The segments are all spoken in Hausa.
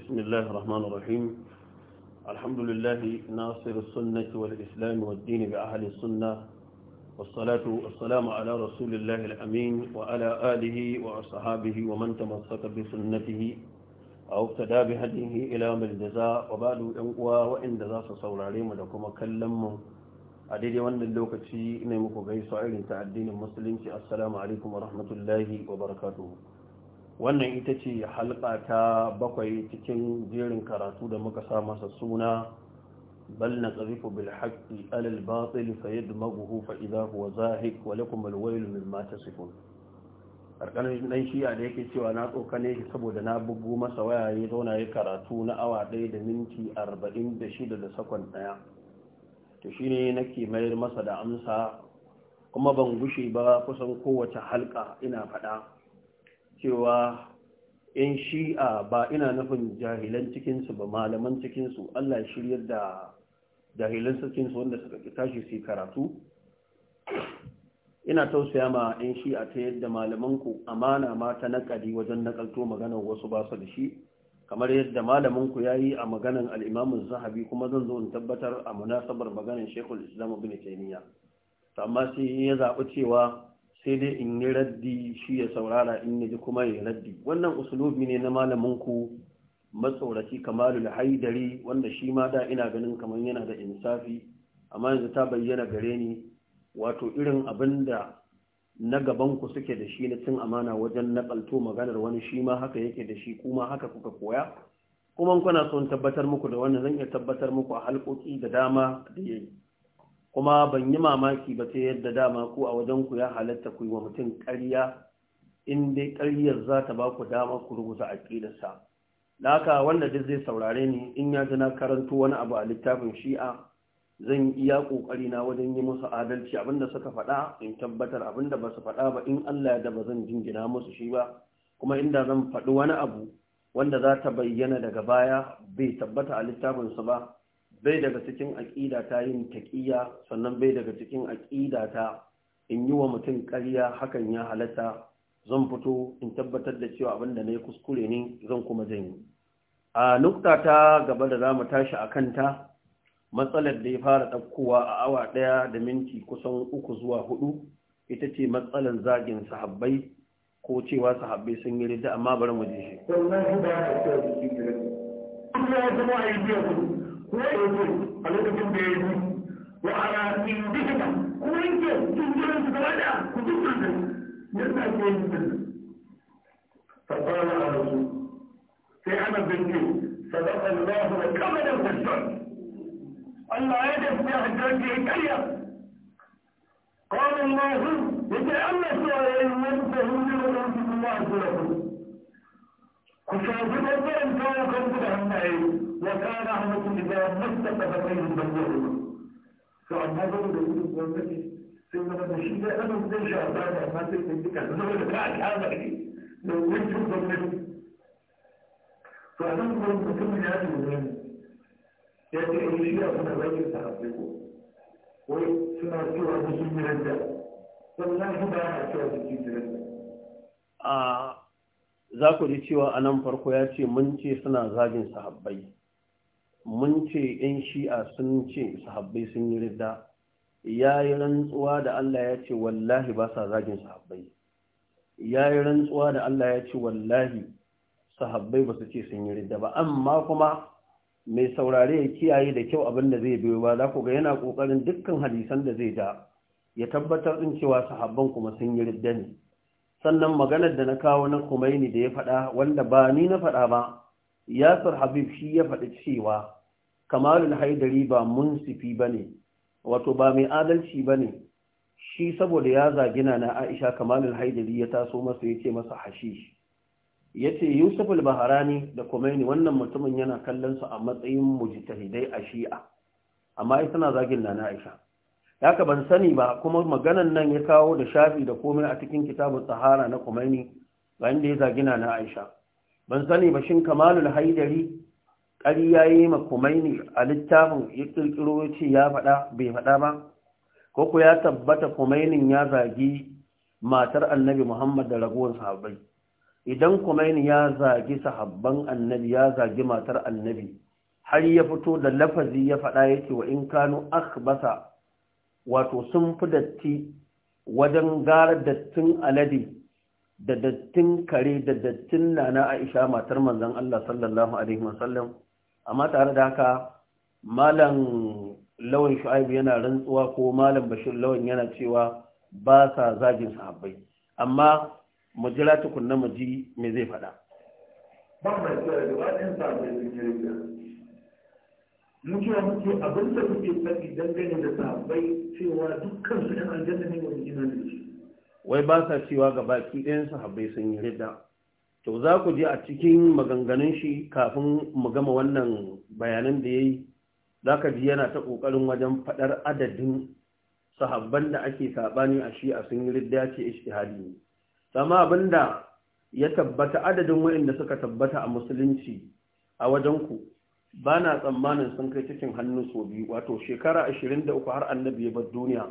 بسم الله الرحمن الرحيم الحمد لله ناصر السنة والإسلام والدين بأهل السنة والصلاة والسلام على رسول الله الأمين وعلى آله وأصحابه ومن تمسك بسنته أو اقتدى بهديه إلى الجزاء وبعد أنقوى وإن ذا صور عليهم لكم كلمه a daidai wannan lokaci ne muku gaisuwa irin ta addinin musulunci assalamu alaikum wa rahmatullahi wa barakatuhu wannan ita ce halka ta bakwai cikin jerin karatu da muka sa masa suna bal na tsarifu bil haƙi alal batil fa yadmaghu fa idha huwa zahiq wa lakum al wayl mimma tasifun karkanin dan shi'a da yake cewa na tsokane shi saboda na bugu masa waya ya zauna ya karatu na awa ɗaya da minti arba'in da shida da sakon daya. to shine nake mayar masa da amsa kuma ban gushe ba kusan kowace halka ina faɗa cewa in shi'a ba ina nufin jahilan cikinsu ba malaman cikinsu Allah ya shiryar da jahilan cikinsu wanda suka tashi su karatu ina tausaya ma in shi'a ta yadda malamanku amana ma ta nakali wajen nakalto maganar wasu ba su da shi kamar yadda malaminku ya yi a maganan al'imamun zahabi kuma zan zo in tabbatar a munasabar maganar shekul islam ibn To amma sai ya zaɓi cewa sai dai in yi raddi shi ya saurara in ji kuma ya raddi wannan usulubi ne na malamin ku matsoraci kamalul haidari wanda shi ma da ina ganin kamar yana da insafi amma yanzu ta bayyana gare ni wato irin abinda na gabanku suke da shi na cin amana wajen naƙalto maganar wani shi ma haka yake da shi kuma haka kuka koya kuma kuna son tabbatar muku da wannan zan iya tabbatar muku a halƙoƙi da dama da yayi kuma ban yi mamaki ba ta yadda dama ku a wajen ku ya halatta ku yi wa mutum ƙarya in dai ƙaryar za ta ba ku dama ku rubuta aƙidarsa da haka wanda duk zai saurare ni in ya ji na karanto wani abu a littafin shi'a zan iya ƙoƙari na wajen yi musu adalci abinda suka faɗa in tabbatar abinda ba su faɗa ba in Allah ya da ba zan jingina musu shi ba kuma inda zan faɗi wani abu wanda za ta bayyana daga baya bai tabbata a littafinsu ba bai daga cikin aƙida ta yin taƙiya sannan bai daga cikin aƙida ta in yi wa mutum ƙarya hakan ya halatta zan fito in tabbatar da cewa abin da na yi kuskure ne zan kuma yi. a nukta ta gaba da za mu tashi a kanta matsalar da ya fara ɗaukowa a awa ɗaya da minti kusan uku zuwa hudu ita ce matsalar zagin sahabbai ko cewa sahabbai sun yi rida amma bari mu je shi. ويقول قلت وانت تنزلون تتوالى وتنزل يرجع كيف فقال الرسول في عمل الله وكمل في الشرط الله يدف في الشرط يتأيى قال الله يتأمس وينبه لهم الله سلطه ku shafi ɓangaren kawo kan da hannaye wa kana hannu da ga masta da ba kai da ba ko amma ba da wani gwamnati sai ga shi da annan da shi da amma sai da da zuwa da ka ka ba ne da wani gwamnati so annan gwamnati mun ya ji wani ya ce in shi ya kuma zai ta hafi ko wai suna cewa da shi ne da wallahi ba a cewa da shi ne za ku ji cewa a nan farko ya ce mun ce suna zagin sahabbai mun ce 'yan shi'a sun ce sahabbai sun yi ridda ya yi rantsuwa da Allah ya ce wallahi ba sa zagin sahabbai ya yi rantsuwa da Allah ya ce wallahi sahabbai ba su ce sun yi ridda ba amma kuma mai saurare ya kiyaye da kyau abin da zai biyo ba za ku ga yana kokarin dukkan hadisan da zai da ya tabbatar din cewa sahabban kuma sun yi ridda ne sannan maganar da na kawo na kumaini da ya faɗa wanda ba ni na faɗa ba yasir habib shi ya faɗi cewa kamalul haidari ba munsifi ba ne wato ba mai adalci ba ne shi saboda ya zagina na aisha kamalul haidari ya taso masa ya ce masa hashish ya ce yusuf al-baharani da kumaini wannan mutumin yana kallon su a matsayin mujtahidai a shi'a amma ai suna zagin na aisha haka ban sani ba kuma maganan nan ya kawo da shafi da komai a cikin kitabun tsahara na kumaini bayan da ya zagina na aisha ban sani ba shin kamalul haidari ƙari ya yi ma kumaini a littafin ya ƙirƙiro ya ce ya faɗa bai faɗa ba ko ku ya tabbata kumainin ya zagi matar annabi muhammad da raguwar sahabbai idan kumaini ya zagi sahabban annabi ya zagi matar annabi har ya fito da lafazi ya faɗa yake wa in kanu akbasa wato sun fi datti wajen gara dattin alade da dattin kare da dattin nana aisha matar manzon Allah sallallahu alaihi wasallam amma tare da haka malam lawan Shu'aibu yana rantsuwa ko malam bashir lawan yana cewa ba sa zagin sahabbai amma mu jira tukunna mu ji me zai faɗa. Ban mai da mutuwa muke abin da muke faɗi dangane da sahabbai cewa dukkan su ɗan aljanna ne wani ina da shi wai ba sa cewa ga baki ɗayan sahabbai sun yi ridda to za ku je a cikin maganganun shi kafin mu gama wannan bayanan da ya yi za ka ji yana ta ƙoƙarin wajen faɗar adadin sahabban da ake saɓani a shi a sun yi ridda ce ishtihadi ne sama abin da ya tabbata adadin waɗanda suka tabbata a musulunci a wajen ku ba na tsammanin sun kai cikin hannu so biyu wato shekara 23 har annabi ya bar duniya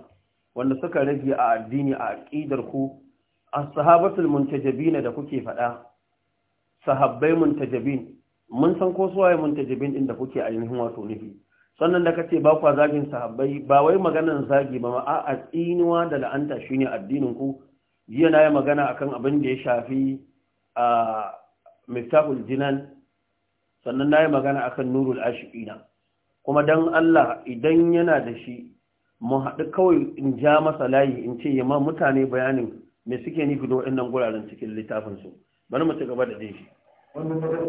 wanda suka rage a addini a aqidar ku ashabatul muntajibin da kuke faɗa sahabbai muntajibin mun san ko waye muntajibin din da kuke ainihin wato nufi sannan da kace ba kwa zagin sahabbai ba wai maganar zagi ba a a da la'anta shine addinin ku jiya na yi magana akan abin da ya shafi a ah, miftahul jinan sannan na yi magana akan nurul ashi'ina kuma don Allah idan yana da shi mu haɗu kawai in ja masa layi in ce ma mutane bayanin me suke nufi da waɗannan guraren cikin littafinsu bari mu ci gaba da shi. wani ya yana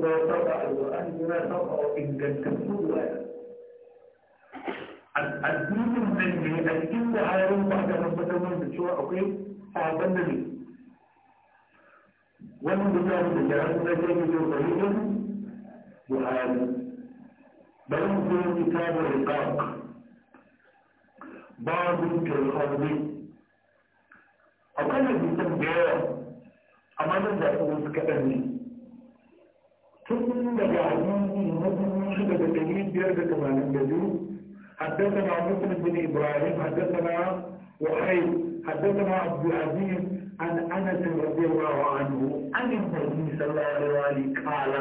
nan a cikin da hayarin da da cewa akwai da wannan da da yi da da وآل بل في كتاب الرقاق باب كالأرض أقل في تنبيه أمانا دعوه كأني ثم دعوني مدن شبه تجيب بيرد كمان الجديد حدثنا مسلم بن إبراهيم حدثنا وحيد حدثنا عبد العزيز عن أنس رضي الله عنه عن النبي صلى الله عليه وآله قال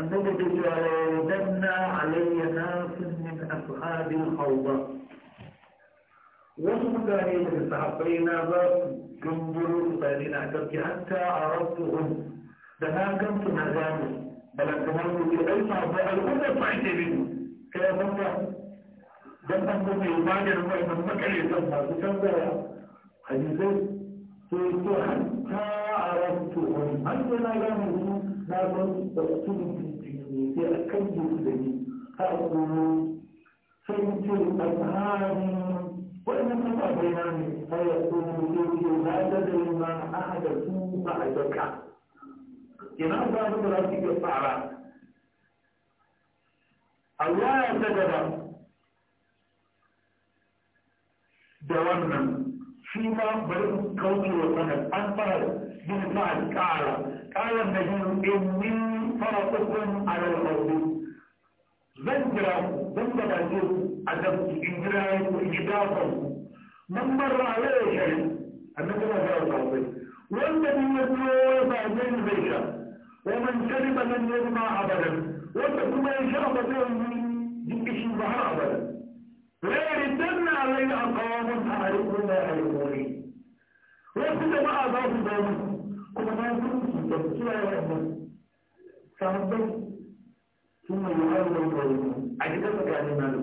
أنه تجاوزنا علي ناس من أصحاب الخوضة وصمت يستحقين بس جنبر فانين أعجبك حتى عرفتهم لما ما كنت بل أتمنى في أي صحابة الأولى صعيت منه كيف أنت جنب في يبعني رمضان من مكة يسمى تسمى حتى عرفتهم أنت لا يمكن لا تنسى يتأكد به فأقول فيمكن الأذهان وإن قطع بيناني فيقول يمكن لا تدري ما أحدثوا بعدك إذا أصاب برأسك الصعبة الله يتدرى دواما فيما بلغ قولي وسند أنفر بن سعد قال قال النبي إني فرقكم على الأرض ذنجرا ذنجرا جيب عدم إجراء وإجدافا من مر عليه شيء أنك ما جاء الأرض والذي يدعو بعدين بيشا ومن كذب لن يجمع أبدا وانت ما يشاء بطيئا جبش يظهر أبدا لا يردن علي أقوام أعرفون أعرفوني وكنت ما أضاف دون كما ما يكون في التفكير sahabbai sun mai yawon da kwayo a gidan tsakanin na da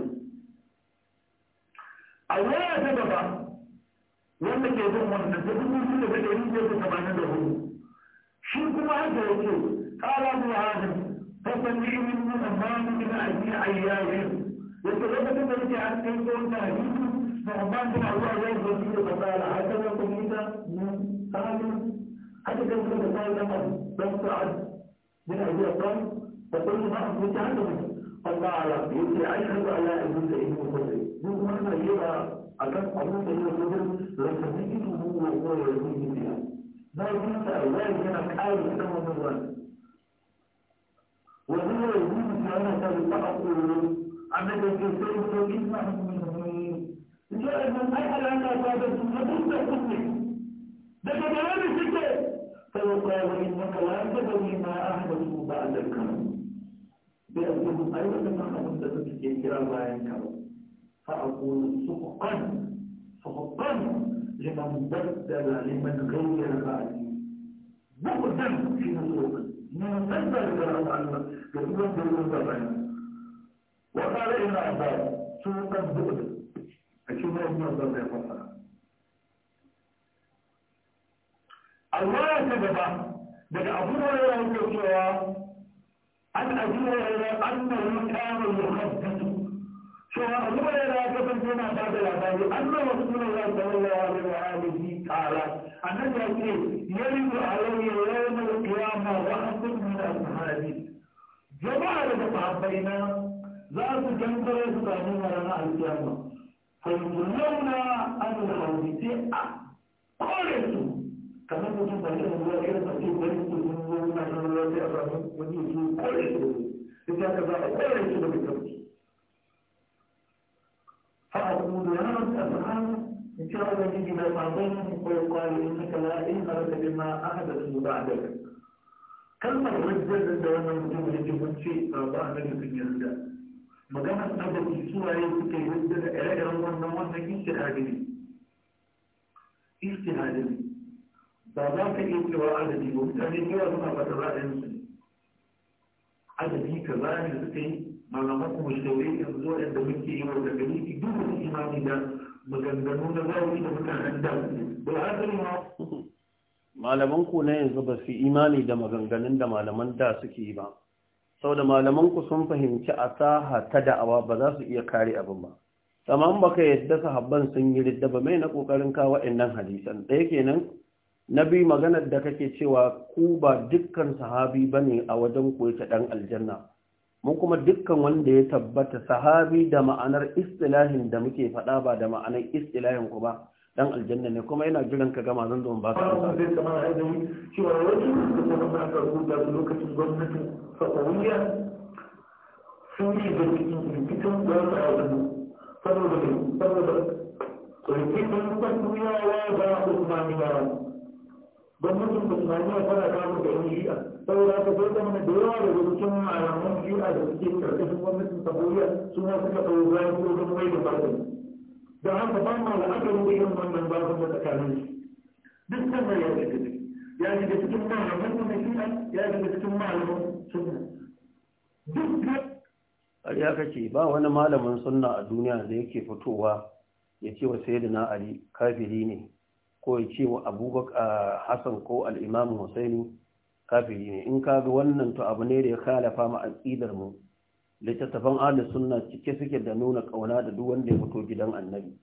a waya ta gaba wanda ke zo wanda ta dubu su da ɗari biyar da tamanin da hudu shi kuma haka ya ce kala hajji buhari fasan ni min mun amanu min ya ayyahin yadda lokacin da yake an kai ko ta hadisi na amman da Allah ya yi da fasala haka ne kuma yi ta mun sahabi haka kan da ta dan dan sa'ad من أبي أطلال تقول لي ما أنت عنده الله أعلم يقول أشهد أن لا إله إلا الله خضري يقول أنا يرى أكاد أبوك إلا خضر لسنجده هو هو يزيد بها ما يقول الله يجنك آل كما مرة وهو يزيد بها فلتقل عمل الجسر فإنهم منهم جاء من أحد عن أصابته فقلت أقول ده كمان الستات فيقال إنك لا تدري ما أحدثوا بعد الكرم بأنهم أيضا ما حدثت إلى لا ينكر فأقول سحقا سحقا لمن بدل لمن غير بعدي بغدا في نسوق من بدل الكرام عنه يقول بالمنطقة وقال إلى عباد سوقا بغدا أشوف ابن عباد يقول الرواية ta بل أبو هريرة يقول أن أبو هريرة أنه كان يخبط cewa abu da ya kasance yana ba da labari annan wasu suna za su zama wa da wa'alihi ta'ala annan ya ce yari da alayya yawon kiyama wa hasin min al-sahabi jama'a daga sahabbai na za su gangare su samu marana al-kiyama fa yuzunna an al-hawdi a kore su kamar mutum ba irin ruwa irin ba ke bari su sun zo suna shan ruwa sai a samu wani su kore su duk da ba a kore su da mutum fa a kuma da yana da sahan in ci Allah ji da sabon ko kwari in ka la in ka rasa bin ma aka da su ba da kalmar rajjar da wannan mutum ya ce mun ce ba a nan sun yarda maganar abin suwaye suka yi rajjar da ire-iren wannan wannan istihadi ne istihadi ne ba za ka iya cewa adadi ba mutane yawa suna fata ra'ayin ne adadi ka za ne suka yi malaman kuma shaure yanzu zuwa yadda muke yi wa daga niki duk wani imani da maganganu na zawuri da mutanen da ba a gani ma malaman ku na yanzu ba su imani da maganganun da malaman da suke yi ba saboda malaman ku sun fahimci a asaha ta da'awa ba za su iya kare abin ba tamam baka yadda sahabban sun yi ridda ba mai na kokarin kawo wa'annan hadisan ɗaya kenan na biyu maganar da kake cewa ku ba dukkan sahabi bane a wajen ku yake dan aljanna mun kuma dukkan wanda ya tabbata sahabi da ma'anar istilahin da muke faɗa ba da ma'anar istilahin ku ba dan aljanna ne kuma yana jiran ka gama zan don ka amsa zai kama da yadda cewa wani da kuma ka rubuta da lokacin gwamnatin sa'uliya sun yi da cikin rikicin da wasu a wani saboda saboda rikicin ya ba ba. gwamnatin ya fara samun da yan shi'a saboda ta zai zama da yawa daga cikin alamun shi'a da suke karkashin gwamnatin Saboriya suna suka ɗau bayan dogon mai da bakin da haka ba ma la'akari da yin wannan bakin da tsakanin su duk sanda ya shiga ciki ya da cikin malaman na shi'a ya da cikin malaman sunna duk ya kace ba wani malamin sunna a duniya da yake fitowa ya ce wa sayyidina ali kafiri ne ko ya ce wa abubakar ah, hassan ko al'imam husaini kafiri ne in ka ga wannan to abu ne da ya kalafa ma aƙidar mu littattafan ahli sunna cike suke da nuna kauna da duk wanda ya fito gidan annabi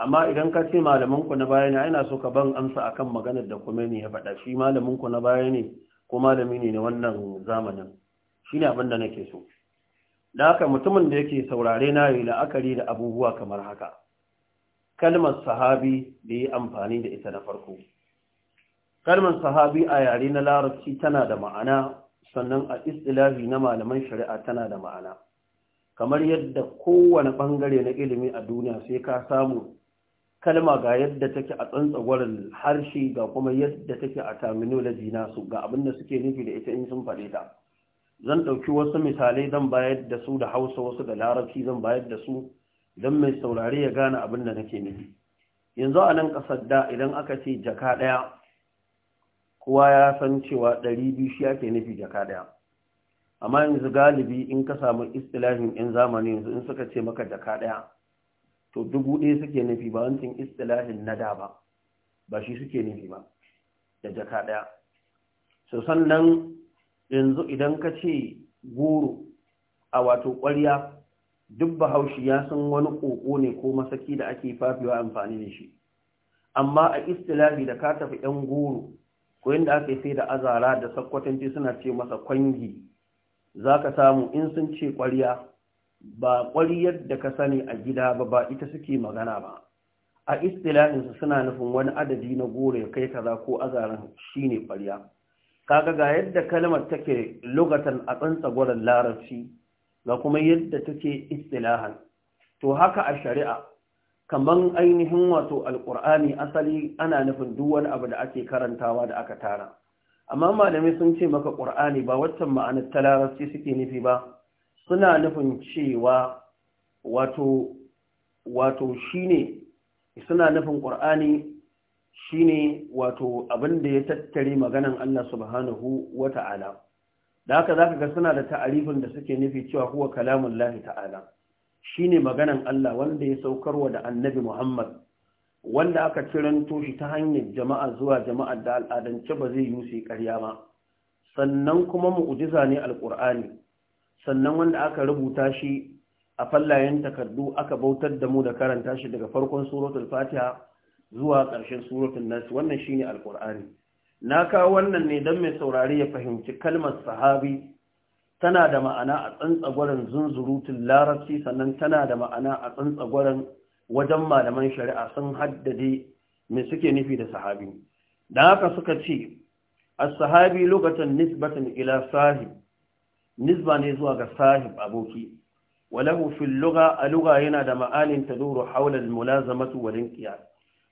amma idan ka ce malamin ku na baya ne ina so ka ban amsa akan maganar da kuma ne ya faɗa shi malamin ku na baya ne ko malami ne na wannan zamanin shine abin da nake so da haka mutumin da yake saurare na yi la'akari da abubuwa kamar haka kalmar sahabi da yi amfani da ita na farko kalmar sahabi a yare na larabci tana da ma'ana sannan a istilahi na malaman shari'a tana da ma'ana kamar yadda kowane ɓangare na ilimi a duniya sai ka samu kalma ga yadda take a tsantsagwarin harshe ga kuma yadda take a terminology nasu ga abin da suke nufi da ita in sun faɗe ta zan ɗauki wasu misalai zan bayar da su da hausa wasu da larabci zan bayar da su don mai saurari ya gane abin da nake nufi yanzu a nan ƙasar da idan aka ce jaka ɗaya kowa ya san cewa ɗari biyu shi ake nufi jaka ɗaya amma yanzu galibi in ka samu istilahin yan zamani yanzu in suka ce maka jaka ɗaya to dubu ɗaya suke nufi ba wancan istilahin na da ba ba shi suke nufi ba da jaka ɗaya so sannan yanzu idan ka ce goro a wato ƙwarya duk bahaushi ya san wani ƙoƙo ne ko masaki da ake fafewa amfani da shi amma a istilahi da ka tafi ‘yan goro ko yadda aka yi sai da azara da sakkwatanci suna ce masa kwangi za ka samu in sun ce ƙwariya ba ƙwariyar da ka sani a gida ba ba ita suke magana ba a istilahinsu suna nufin wani adadi na goro ya kai kaza ko azaran shi ne ƙwariya kaga ga yadda kalmar take lugatan a tsantsa gwaran larabci ga kuma yadda take istilahan to haka a shari'a kaman ainihin wato alqur'ani asali ana nufin duk wani abu da ake karantawa da aka tara amma malamai sun ce maka ƙur'ani ba waccan ma'anar ta suke nufi ba suna nufin cewa wato wato shine suna nufin ƙur'ani shine wato abin da ya tattare maganan Allah subhanahu wata'ala da haka zaka ga suna da ta'arifin da suke nufi cewa huwa kalamun lahi ta'ala shine maganan Allah wanda ya saukar wa da annabi Muhammad wanda aka ciranto shi ta hanyar jama'a zuwa jama'ar da al'adance ba zai yi su ƙarya ba sannan kuma mu'jiza ne alqur'ani sannan wanda aka rubuta shi a fallayen takardu aka bautar da mu da karanta shi daga farkon suratul fatiha zuwa ƙarshen suratul nas wannan shine alqur'ani na kawo wannan ne don mai saurari ya fahimci kalmar sahabi tana da ma'ana a tsantsagwaren zunzurutun larabci sannan tana da ma'ana a tsantsagwaren wajen malaman shari'a sun haddade mai suke nufi da sahabi da haka suka ce as-sahabi lokacin nisbatan ila sahib nisba ne zuwa ga sahib aboki walahu fil lugha a lugha yana da ma'anin taduru hawla al-mulazamatu wal inqiyad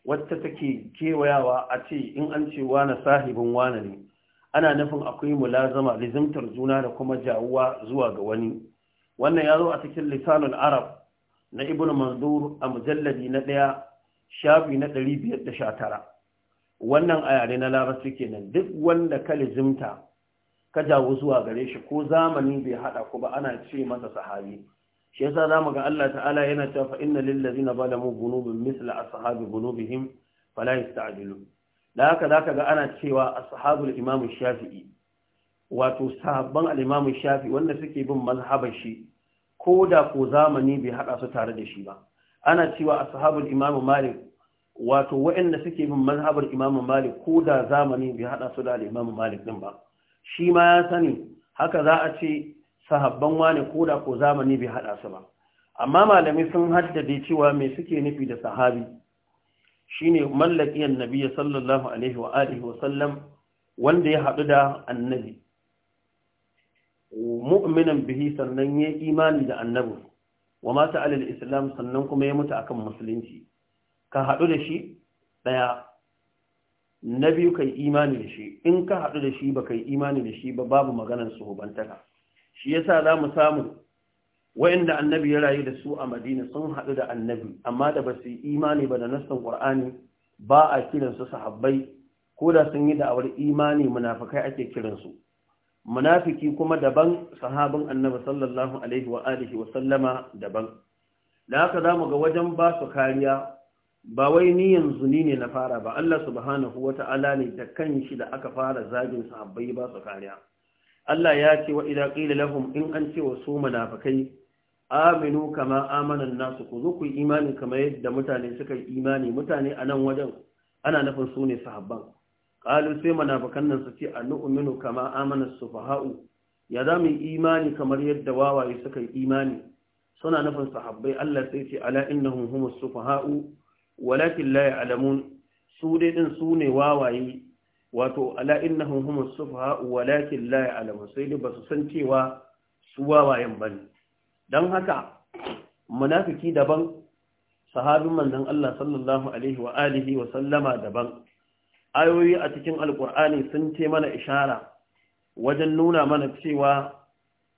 Wata take kewayawa a ce in an ce wane sahibin wane ne ana nufin akwai mulazama lizimtar juna da kuma jawuwa zuwa ga wani wannan ya zo a cikin lisanul arab na ibn manzur a mujalladi na ɗaya shafi na ɗari biyar da sha tara wannan a yare na larabci kenan duk wanda ka lizimta ka jawo zuwa gare shi ko zamani bai haɗa ku ba ana ce masa sahabi shi yasa zamu ga Allah ta'ala yana cewa fa inna lil ladina zalamu dhunubun misla ashabi dhunubihim fala yasta'jilun da haka zaka ga ana cewa ashabul imam shafi'i wato sahabban al-imam shafi'i wanda suke bin mazhabar shi ko da ko zamani bai hada su tare da shi ba ana cewa ashabul imam malik wato waɗanda suke bin mazhabar imam malik ko da zamani bai hada su da al-imam malik din ba shi ma ya sani haka za a ce sahabban wane ko da ko zamani bai haɗa su ba amma malami sun haddade cewa mai suke nufi da sahabi shine mallakiyar nabi sallallahu alaihi wa alihi wa wanda ya haɗu da annabi mu'minan bihi sannan ya imani da annabi wa mata alal islam sannan kuma ya mutu akan musulunci ka haɗu da shi ɗaya na biyu kai imani da shi in ka haɗu da shi ba kai imani da shi ba babu maganar suhubantaka shi yasa za mu samu wayanda annabi ya rayu da su a madina sun haɗu da annabi amma da ba su yi imani ba da nassan ƙur'ani ba a kiransu sahabbai ko da sun yi da'awar imani munafikai ake kiransu munafiki kuma daban sahabin annabi sallallahu alaihi wa alihi wa sallama daban da haka zamu ga wajen ba su kariya ba wai ni yanzu ni ne na fara ba Allah subhanahu wata'ala ne da kanshi da aka fara zagin sahabbai ba su kariya Allah ya ce wa idza qila lahum in an ce wa su munafikai aminu kama amana nasu ku zo ku imani kamar yadda mutane suka yi imani mutane a nan wajen ana nufin su ne sahabban qalu sai munafikan nan su ce annu'minu kama amana sufaha'u ya za mu imani kamar yadda wawaye suka yi imani suna nufin sahabbai Allah sai ce ala innahum humus sufaha'u walakin la ya'lamun su dai din su ne wawaye wato ala innahum hum as walakin la alamu, sai ba basu san cewa su wawayen bane Don haka munafiki daban sahabin manzan Allah sallallahu alaihi wa alihi wa sallama daban ayoyi a cikin alkur'ani sun ce mana ishara wajen nuna mana cewa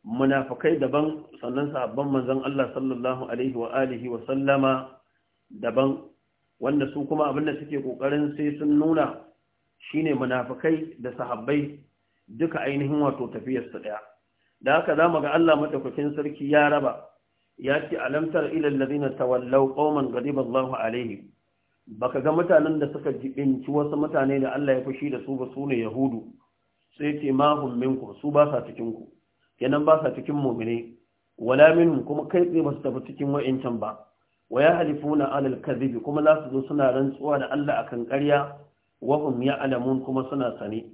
munafikai daban sannan sahabban manzan Allah sallallahu alaihi wa alihi wa sallama daban wanda su kuma abin da suke kokarin sai sun nuna shine munafikai da sahabbai duka ainihin wato tafiyar su daya da haka zamu ga Allah madaukakin sarki ya raba ya ce alamtar ila allazina tawallaw qauman ghadiba Allahu alaihim baka ga mutanen da suka jibinci wasu mutane da Allah ya fushi da su ba su ne yahudu sai ce ma hum minkum su ba sa cikin ku kenan ba sa cikin mu'mine wala minhum kuma kai tsaye ba su tafi cikin wa'incan ba wa ya na alal kadhibi kuma za su zo suna rantsuwa da Allah akan ƙarya wahum ya'lamun kuma suna sane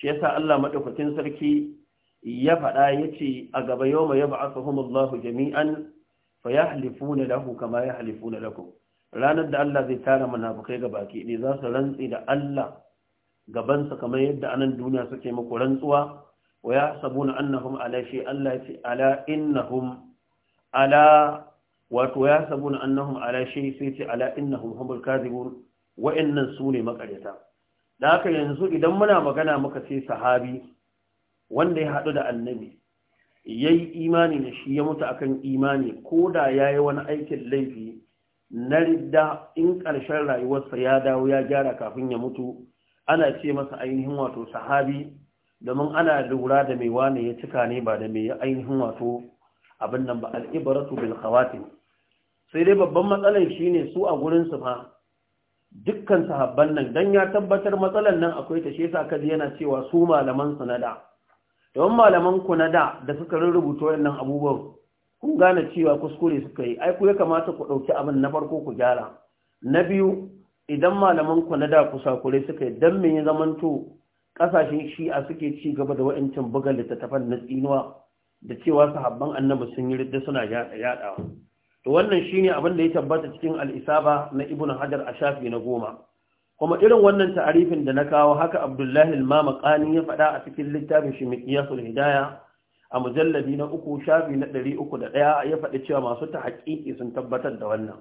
shi yasa Allah madaukakin sarki ya faɗa yace a gaba yawma yab'athuhum Allahu jami'an fayahlifuna lahu kama yahlifuna lakum ranar da Allah zai tara munafikai ga baki ne za su rantsi da Allah gaban sa kamar yadda anan duniya suke muku rantsuwa wa yahsabuna annahum ala shay Allah yace ala innahum ala wato yahsabuna annahum ala shay sai ce ala innahum humul kadhibun wa'annan su ne makareta da haka yanzu idan muna magana muka ce sahabi wanda ya haɗu da annabi ya yi imani da shi ya mutu akan imani ko da ya yi wani aikin laifi na ridda in ƙarshen rayuwarsa ya dawo ya gyara kafin ya mutu ana ce masa ainihin wato sahabi domin ana lura da mai wane ya cika ne ba da mai ainihin wato abin nan ba al'ibaratu bil khawatim sai dai babban matsalar shine su a gurin su fa dukkan sahabban nan dan ya tabbatar matsalar nan akwai ta shesa kaji yana cewa su malaman su na da don malaman ku na da da suka rubuta wayannan abubuwan kun gane cewa kuskure suka yi ai ku ya kamata ku ɗauki abin na farko ku gyara na biyu idan malaman ku na da kure suka yi dan me ya zamanto kasashen shi'a suke ci gaba da wayancin bugan littattafan na tsinuwa da cewa sahabban annabi sun yi ridda suna yadawa to wannan shine abin da ya tabbata cikin al'isaba na ibn hajar a shafi na goma kuma irin wannan ta'arifin da na kawo haka abdullahi al-mamaqani ya faɗa a cikin littafin shi miqyasul hidaya a mujalladi na uku shafi na ɗari uku da ɗaya ya faɗi cewa masu ta haƙiƙi sun tabbatar da wannan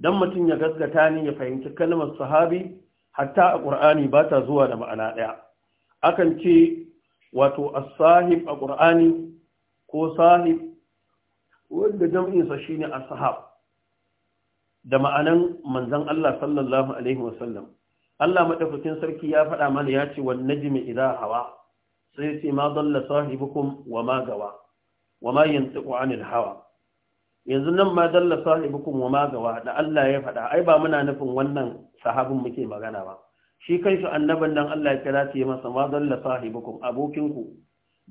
don mutum ya gaskata ne ya fahimci kalmar sahabi hatta a ƙur'ani ba ta zuwa da ma'ana ɗaya akan ce wato as-sahib a ƙur'ani ko sahib wanda jam'insa shine ashab da ma'anan manzon Allah sallallahu alaihi wasallam Allah madaukakin sarki ya faɗa mana ya ce wan najmi idha hawa sai ce ma dalla sahibukum wa ma gawa wa ma yantiqu anil hawa yanzu nan ma dalla sahibukum wa ma gawa da Allah ya faɗa ai ba muna nufin wannan sahabin muke magana ba shi kanshi annaban nan Allah ya kira ce masa ma dalla sahibukum abokinku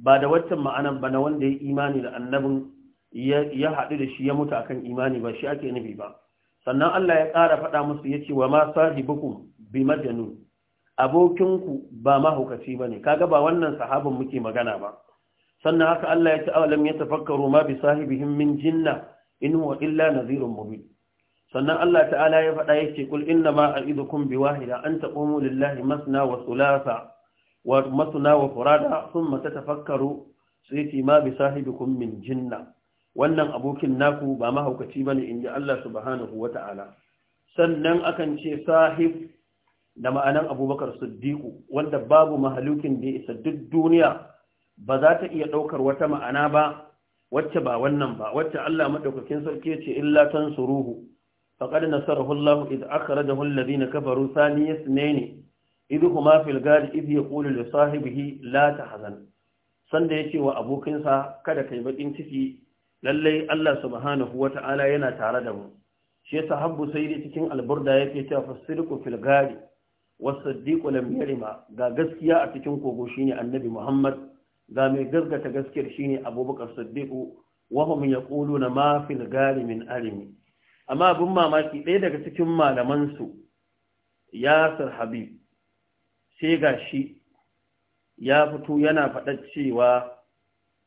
ba da waccan ma'anan ba na wanda ya imani da annabin ya haɗu da shi ya mutu akan imani ba shi ake nufi ba sannan Allah ya ƙara faɗa musu ya ce wa ma sahibukum bi majanun abokinku ba mahaukaci bane kaga ba wannan sahabin muke magana ba sannan haka Allah ya ce awalam yatafakkaru ma bi sahibihim min jinna in huwa illa nadhirun mubin sannan Allah ta'ala ya faɗa yake kul inna ma a'idukum bi wahida an taqumu lillahi masna wa thulatha wa masna wa furada thumma tatafakkaru sai ma bi sahibikum min jinna wannan abokin naku ba mahaukaci ba ne in ji Allah subhanahu wa ta'ala sannan akan ce sahib da ma'anan abubakar siddiqu wanda babu mahalukin da isa duk duniya ba za ta iya ɗaukar wata ma'ana ba wacce ba wannan ba wacce Allah madaukakin sarki ce illa tansuruhu faqad nasarahu Allah id akhrajahu alladhina kafaru thani yasnaini idh kuma fil gadi ya yaqulu li sahibihi la tahzan sanda ya ce wa abokinsa kada kai bakin ciki lallai Allah subhanahu wata'ala yana tare da mu shi yasa habbu sai cikin alburda yake cewa fasiriku fil gari wasaddiqu lam yarima ga gaskiya a cikin kogo shine annabi Muhammad ga mai gaskata gaskiyar shine Abubakar Siddiqu wa hum yaquluna ma fil gari min alimi amma abin mamaki ɗaya daga cikin malaman su Yasir Habib sai shi ya fito yana faɗa cewa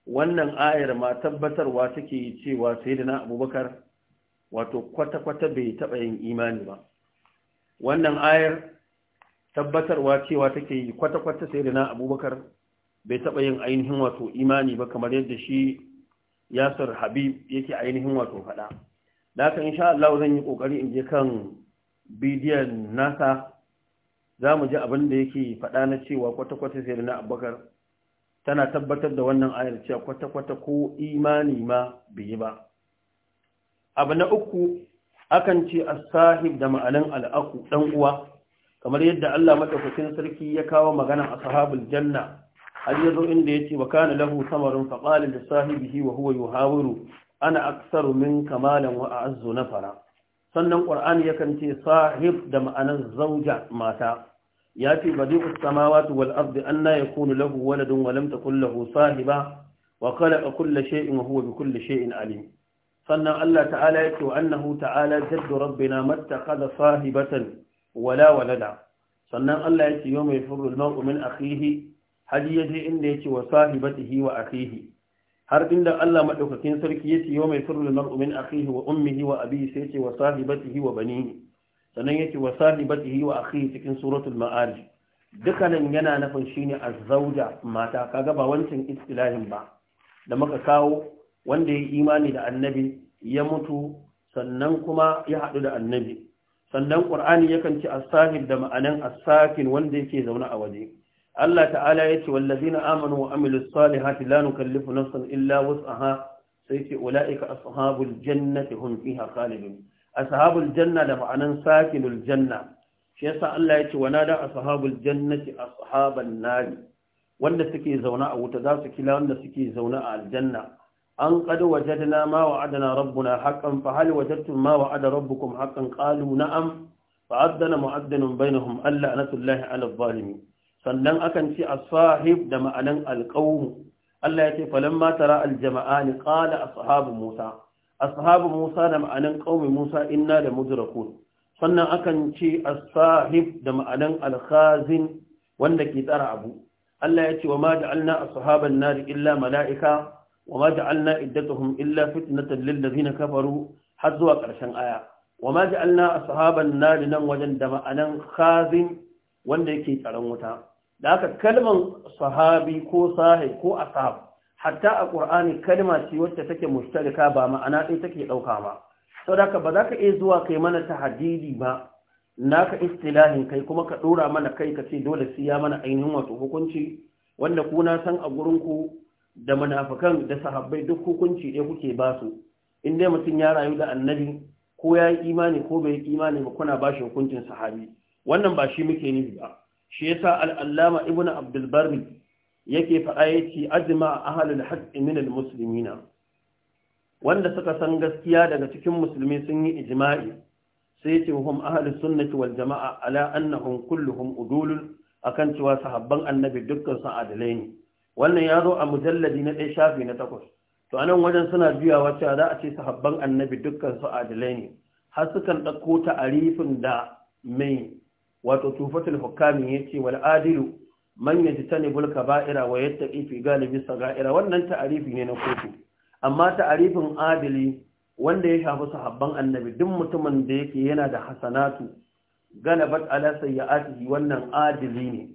wannan ayar ma tabbatarwa take cewa sayyidina abubakar wato kwata-kwata bai taɓa yin imani ba wannan ayar tabbatarwa cewa take yi kwata-kwata sayyidina abubakar bai taɓa yin ainihin wato imani ba kamar yadda shi yasir habib yake ainihin wato faɗa da haka insha Allah zan yi ƙoƙari in je kan bidiyon nasa za mu ji abin da yake faɗa na cewa kwata-kwata sai na abubakar tana tabbatar da wannan ayar cewa kwata-kwata ko imani ma bai ba abu na uku akan ce a sahib da ma'anin al'aku ɗan uwa kamar yadda Allah madaukakin sarki ya kawo magana ashabul janna har yazo inda ce wa na lahu samarun fa qala li sahibihi wa huwa yuhawiru ana aktsaru minka malan wa na nafara sannan ƙur'ani yakan ce sahib da ma'anin zauja mata ya fi ba zai kusama wata wal'abdi an na ya kunu lahu waladun walamta kullahu sahiba wa kalaka kulla shay'in wa huwa bi kulli shay'in alim sannan Allah ta'ala ya ce wa annahu ta'ala jaddu rabbina mattakhadha sahibatan wala walada sannan Allah ya ce yau mai furru al-mar'u min akhihi hadi yaje inda yake wa sahibatihi wa akhihi har inda Allah madaukakin sarki ya siyo mai furru al-mar'u min akhihi wa ummihi wa abihi sai yace wa sahibatihi wa banihi sannan yace wa sahibatihi wa akhihi cikin suratul ma'arij dukkanin yana nufin shine azzauja mata kaga ba wancan istilahin ba da muka kawo wanda ya imani da annabi ya mutu sannan kuma ya haɗu da annabi sannan ƙur'ani yakan ci as-sahib da ma'anan as-sakin wanda yake zaune a waje Allah ta'ala ya ce wallazina amanu wa amilus salihati la nukallifu nafsan illa wus'aha sai ce ulaika ashabul jannati hum fiha khalidun ashabul janna da ma'anan sakinul janna shi yasa Allah ya ce wa nada ashabul jannati ashaban nar wanda suke zauna a wuta za su kila wanda suke zaune a aljanna an qad wajadna ma wa'adana rabbuna haqqan fa hal wajadtum ma wa'ada rabbukum haqqan qalu na'am fa addana mu'addanun bainahum alla anatullahi 'ala adh-dhalimin sannan akan ce as-sahib da ma'anan al-qawm Allah ya ce matara aljama'a al-jama'ani qala ashabu Musa ashabu Musa da ma'anan ƙaumin Musa inna da mudrakun sannan akan ce as-sahib da ma'anan al wanda ke tsara abu Allah ya ce wa ma ja'alna ashaban nar illa mala'ika wa ma ja'alna iddatuhum illa fitnatan lil ladina kafaru har zuwa ƙarshen aya wa ma ja'alna ashaban nar nan wajen da ma'anan khazin wanda yake tsaron wuta da aka kalman sahabi ko sahib ko ashab hatta a ƙur'ani kalima ce wacce take mustarika ba ma'ana ɗaya take ɗauka ba saboda ba za ka iya zuwa kai mana tahaddidi ba Na naka istilahin kai kuma ka ɗora mana kai ka ce dole sai ya mana ainihin wato hukunci wanda ku na san a gurin ku da munafukan da sahabbai duk hukunci ɗaya kuke ba su in dai mutum ya rayu da annabi ko ya yi imani ko bai yi imani ba kuna ba shi hukuncin sahabi wannan ba shi muke nufi ba shi yasa al-allama ibnu abdul barri yake faɗa yace ajma ahlul haqq min al wanda suka san gaskiya daga cikin musulmi sun yi ijma'i sai yace hum ahlus sunnati wal jama'a ala annahum kulluhum udulun akan cewa sahabban annabi dukkan su adalai ne wannan ya zo a mujalladi na ɗaya shafi na takwas to anan wajen suna juyawa cewa za a ce sahabban annabi dukkan su adalai ne har sukan ɗauko ta arifin da mai wato tufatul Hukamin ya ce wal adilu man bulka ba'ira wa yadda ifi galibi saga'ira wannan ta'arifi ne na kotu amma ta'arifin adili wanda ya shafi sahabban annabi duk mutumin da yake yana da hasanatu galabat ala sayyi'atihi wannan adili ne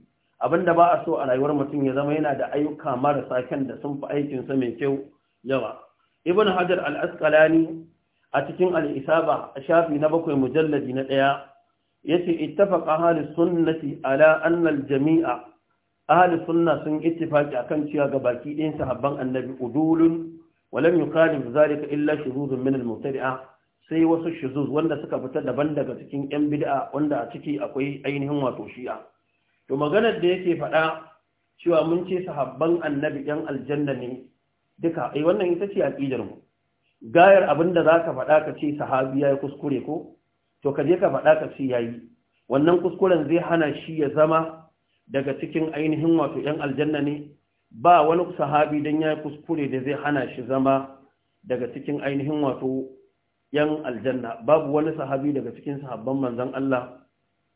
abinda ba a so a rayuwar mutum ya zama yana da ayyuka marasa kyan da sun fi aikinsa mai kyau yawa ibn hajar al-asqalani a cikin al-isaba shafi na bakwai mujalladi na daya yace ittafaqa ahlus sunnati ala anna al-jami'a ahli sunna sun ittifaki akan cewa ga baki ɗin sahabban annabi udulun walam yukhalif zalika illa shuzuzun min al-mubtadi'a sai wasu shuzuz wanda suka fita daban daga cikin yan bid'a wanda a ciki akwai ainihin wato shi'a to maganar da yake faɗa cewa mun ce sahabban annabi yan aljanna ne duka ai eh wannan ita ce aqidar mu gayar abin abinda zaka faɗa ka ce sahabi ya kuskure ko to ka ka faɗa ka ce yayi wannan kuskuren zai hana shi ya zama daga cikin ainihin wato ‘yan aljanna ne ba wani sahabi don ya kuskure da zai hana shi zama daga cikin ainihin wato ‘yan aljanna babu wani sahabi daga cikin sahabban manzan Allah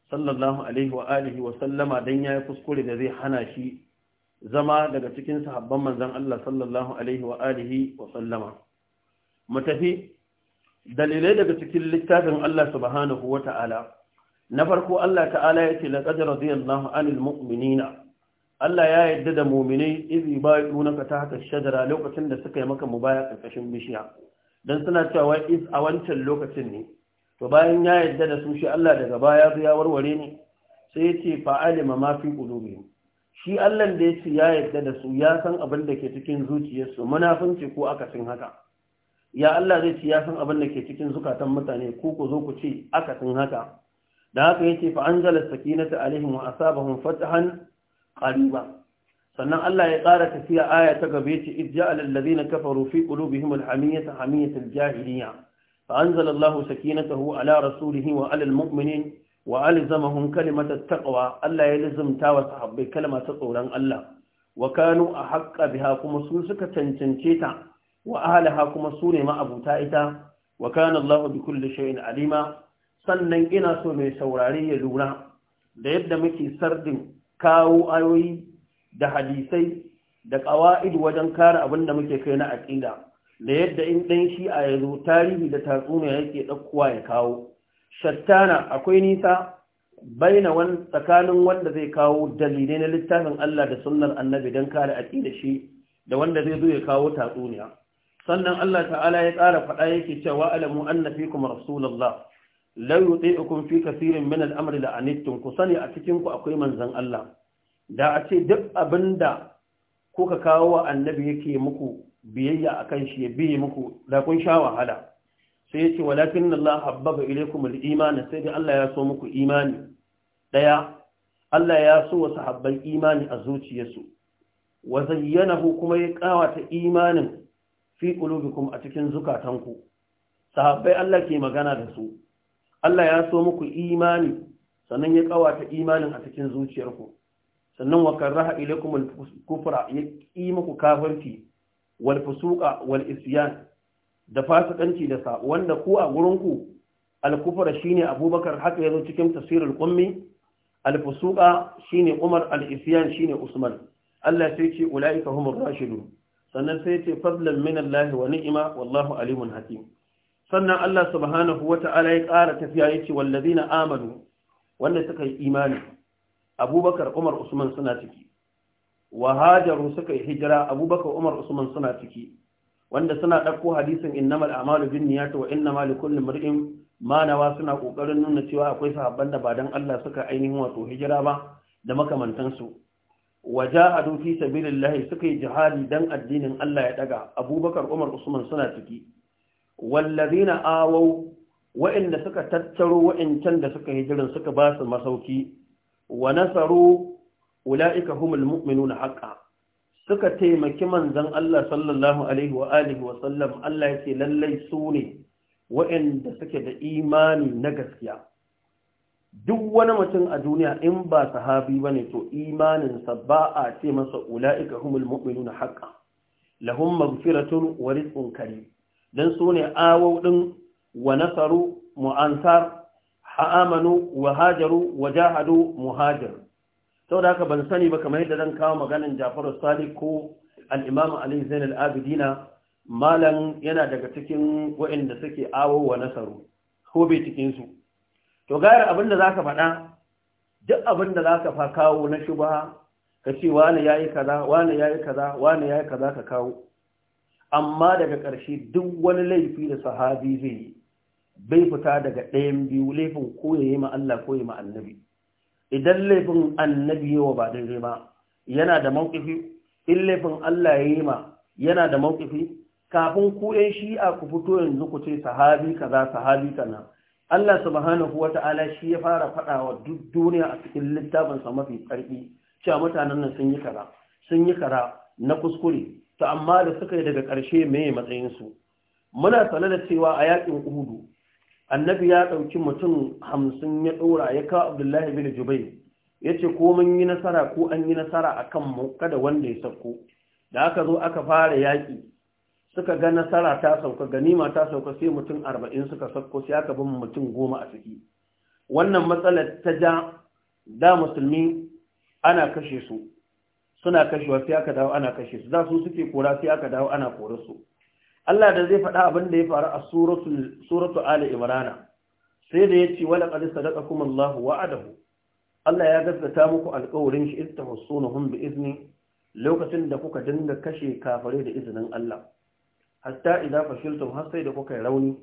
sallallahu alaihi wa wa sallama don ya kuskure da zai hana shi zama daga cikin sahabban manzan Allah sallallahu alaihi wa wa sallama mu tafi dalilai daga cikin littafin Allah subhanahu wa ta'ala na farko Allah ta'ala ya ce laqad radiyallahu anil mu'minina Allah ya yarda da mu'minai bau naka ta haka shajara lokacin da suka yi maka mubaya karkashin bishiya dan suna cewa is a wancan lokacin ne to bayan ya yarda da su shi Allah daga baya ya warware ne sai ya ce fa'alima ma fi qulubihim shi Allah da ya ce ya yadda da su ya san abin da ke cikin zuciyarsu munafunci ko akasin haka ya Allah zai ce ya san abin da ke cikin zukatan mutane ko ku zo ku ce akasin haka da haka yace fa anzala sakinata alaihim wa asabahum fathan ƙariba. sannan Allah ya ƙara tafiya aya ta gabe ce idja'al alladhina kafaru fi qulubihim alhamiyata hamiyata aljahiliyya fa anzala Allahu hu, ala rasulihi wa ala almu'minin wa alzamahum kalimata taƙawa. Allah ya lazimta wa sahabbai kalma ta tsoron Allah wa kanu ahqqa biha kuma su suka cancance ta wa ahliha kuma su ne ma'abuta ita wa kana Allahu bi kulli shay'in alima sannan ina so mai saurari ya lura da yadda muke sardin kawo ayoyi da hadisai da ƙawa'id wajen kare abin da muke kai na aƙida da yadda in ɗan shi a yanzu tarihi da tatsuniya yake ɗaukowa ya kawo shattana akwai nisa baina wan tsakanin wanda zai kawo dalilai na littafin Allah da sunnar annabi don kare aƙida shi da wanda zai zo ya kawo tatsuniya sannan Allah ta'ala ya ƙara faɗa yake cewa alamu annafikum rasulullah la yuti'ukum fi kaseerin min al-amri la anittum ku sani a cikinku akwai manzan Allah da a ce duk abinda kuka kawo wa annabi yake muku biyayya akan shi ya biye muku da kun sha wahala sai ya ce walakin Allah habbaba ilaikum al-iman sai da Allah ya so muku imani daya Allah ya so wasu habban imani a zuciyarsu wa zayyanahu kuma ya kawata imanin fi qulubikum a cikin zukatanku sahabbai Allah ke magana da su Allah ya so muku imani sannan ya kawata imanin a cikin zuciyarku sannan wa karaha ilaykum al-kufra ya yi muku kafirci wal fusuqa wal isyan da fasikanci da sa wanda ku a gurin ku al-kufra shine Abubakar haka yazo cikin tafsirul qummi al-fusuqa shine Umar al-isyan shine Usman Allah sai ce ulaika humur rashidun sannan sai ce fadlan minallahi wa ni'ima, wallahu alimun hakim sannan Allah subhanahu wata'ala ya ƙara tafiya yace na Amadu, wanda suka yi imani Abubakar Umar Usman suna ciki wa hajaru suka yi hijira Abubakar Umar Usman suna ciki wanda suna ɗauko hadisin innamal a'malu binniyati wa innamal likulli imrin ma nawa suna kokarin nuna cewa akwai sahabban da ba dan Allah suka ainihin wato hijira ba da makamantansu wajahadu fi sabilillahi suka yi jihadi dan addinin Allah ya daga Abubakar Umar Usman suna ciki na awau wa'inda suka tattaro wa'incan da suka hijirin suka ba su masauki wa nasaru ula'ika humul mu'minuna haƙa suka taimaki manzon Allah sallallahu alaihi wa alihi wa sallam Allah yake lallai su ne wa'inda suke da imani na gaskiya duk wani mutum a duniya in ba sahabi bane to imaninsa ba a ce masa ula'ika humul mu'minuna haƙa. lahum magfiratun wa rizqun karim dan su ne awau din wa nasaru mu'ansar ha'amanu wa hajaru wa jahadu muhajir da haka ban sani ba kamar yadda zan kawo maganin Jafaru Sadiq ko al-Imam Ali Zain al-Abidina malam yana daga cikin waɗanda suke awo wa nasaru ko bai cikin to gayar abin da zaka faɗa duk abin da zaka fa kawo na shubha ka ce wani yayi kaza wani yayi kaza wani yayi kaza ka kawo amma daga ƙarshe duk wani laifi da sahabi zai yi bai fita daga ɗayan biyu laifin ko ya yi ma Allah ko ya ma annabi idan laifin annabi yawa ba daidai ba yana da mawkifi in laifin Allah ya yi ma yana da mawkifi kafin ku ɗan a ku fito yanzu ku ce sahabi ka za sahabi ka na. Allah subhanahu Ta'ala shi ya fara faɗa wa duk duniya a cikin littafinsa mafi tsarki cewa mutanen nan sun yi kara, sun yi kara na kuskure su amma da suka yi daga ƙarshe mai matsayinsu muna sane da cewa a yakin uhudu annabi ya ɗauki mutum hamsin ya ɗora ya kawo abdullahi bin jubai ya ce ko mun yi nasara ko an yi nasara a mu kada wanda ya sauko da aka zo aka fara yaƙi suka ga nasara ta sauka ganima ta sauka sai mutum arba'in suka sauko sai aka bin mutum goma a ciki wannan matsalar ta ja da musulmi ana kashe su suna kashewa sai aka dawo ana kashe su da su suke kora sai aka dawo ana kore su Allah da zai faɗa abin da ya faru a suratu Ali Imran sai da yace wala qad sadaqakum Allahu wa'adahu Allah ya gaskata muku alƙawarin shi istahsunuhum bi izni lokacin da kuka dinga kashe kafare da izinin Allah hatta idza fashiltum har sai da kuka rauni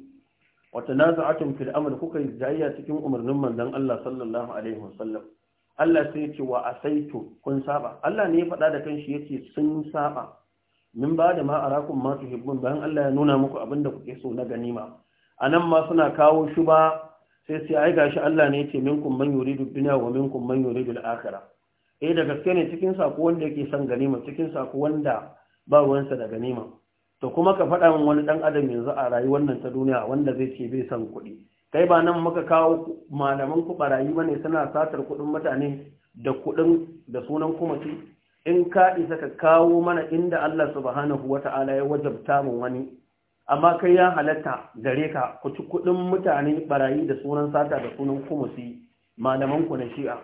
wa tanaza'atum fil amr kuka yi jayya cikin umarnin manzon Allah sallallahu alaihi wasallam Allah sai ce wa asaitu kun saba Allah ne ya faɗa da kanshi yace sun saba min ba da arakum ma tuhibbun bayan Allah ya nuna muku abin da kuke so na ganima anan ma suna kawo shuba sai sai ai gashi Allah ne yace minkum man yuridu dunya wa minkum man yuridu al-akhirah eh da gaske ne cikin sako wanda yake son ganima cikin sako wanda ba wansa da ganima to kuma ka faɗa min wani dan adam yanzu a rayuwar nan ta duniya wanda zai ce bai san kuɗi kai ba nan muka kawo malaman ku barayi bane suna satar kuɗin mutane da kudin da sunan kuma ce in ka isa ka kawo mana inda Allah subhanahu wata'ala ya wajabta mun wani amma kai ya halatta gare ka ku ci kuɗin mutane barayi da sunan sata da sunan kuma malaman ku na shi'a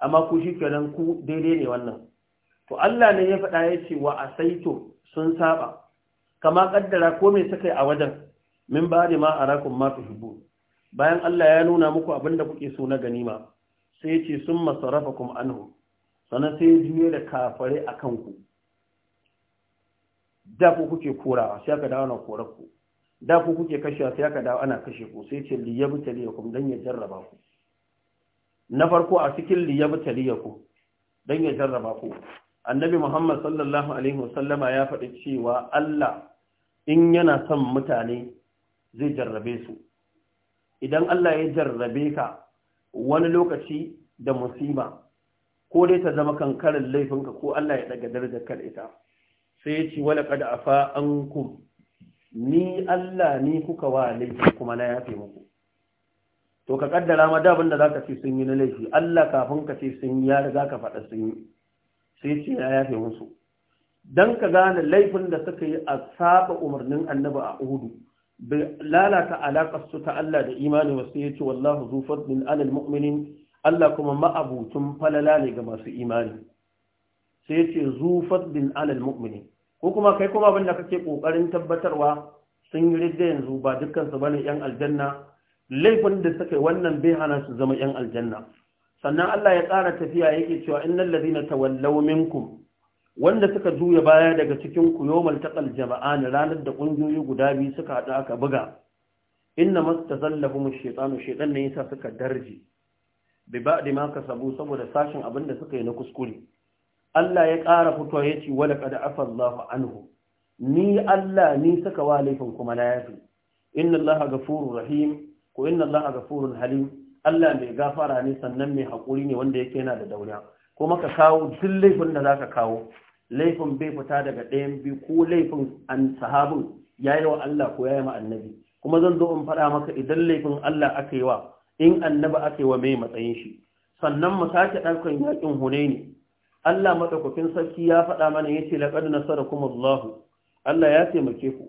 amma ku shi kenan ku daidai ne wannan to Allah ne ya faɗa ya ce wa asaito sun saba kama kaddara ko me suka a wajen min ba da ma arakum ma tuhibbu bayan Allah ya nuna muku abin da kuke so na ganima sai ya ce sun masarafa kuma anhu sannan sai ya juye da kafare a kanku da kuke korawa sai aka dawo na korar ku da kuke kashewa sai aka dawo ana kashe ku sai ce liyabu taliyakum dan ya jarraba ku na farko a cikin liyabu taliyakum dan ya jarraba ku annabi Muhammad sallallahu alaihi wasallama ya faɗi cewa Allah in yana son mutane zai jarrabe su idan Allah ya jarrabe ka wani lokaci da musiba ko dai ta zama kankarin laifinka ko Allah ya daga darajar ita sai ya ci wala kada afa an kum ni Allah ni kuka wa laifi kuma na yafe muku to ka kaddara ma dabin da zaka ce sun yi na laifi Allah kafin ka ce sun yi ya riga ka faɗa sun yi sai ce ya yafe musu dan ka gane laifin da suka yi a saba umarnin annabi a Uhudu lalata alaƙar su ta Allah da imani wasu ya ce wallahu zufar min alal mu'minin Allah kuma ma'abutun falala ne ga masu imani sai ya ce zufar min alal mu'minin ko kuma kai kuma abin kake ƙoƙarin tabbatarwa sun yi ridda yanzu ba dukkansu bane yan aljanna laifin da suka yi wannan bai hana su zama yan aljanna sannan Allah ya tsara tafiya yake cewa innal ladina tawallaw minkum wanda suka juya baya daga cikin ku yawmal taqal jama'an ranar da ƙungiyoyi guda biyu suka haɗu aka buga inna mastazallahum ash-shaytanu shaytan ne yasa suka darje bi ba'di maka kasabu saboda sashin abin da suka yi na kuskure Allah ya ƙara fito ya ce wala qad afa anhu ni Allah ni saka wa laifin kuma na yafi inna Allaha ghafurur rahim ko inna Allaha ghafurul halim Allah mai gafara ne sannan mai hakuri ne wanda yake yana da dauriya kuma ka kawo duk laifin da za ka kawo laifin bai fita daga ɗayan biyu ko laifin an sahabin yi wa Allah ko ya yi annabi kuma zan zo in faɗa maka idan laifin Allah aka yi wa in annabi aka yi wa mai matsayin shi sannan mu sake ɗaukan yaƙin hunaini Allah madaukakin sarki ya faɗa mana ya ce yace kuma nasarakumullahu Allah ya taimake ku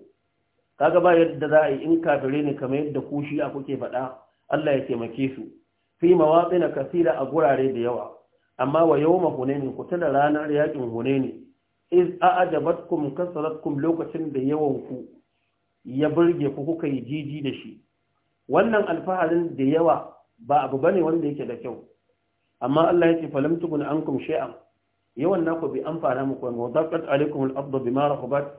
kaga ba yadda za a yi in kafire ne kamar yadda ku shi a kuke faɗa Allah ya taimake su fi na kasira a gurare da yawa amma wa hune ne, ku tana ranar yakin ne. iz a'jabatkum kasaratkum lokacin da yawan ku ya burge ku kuka yi jiji da shi wannan alfaharin da yawa ba abu bane wanda yake da kyau amma Allah yake falam tukun ankum shay'an yawan naku bi amfana muku wa daqat alaikum al-ardu bima rahabat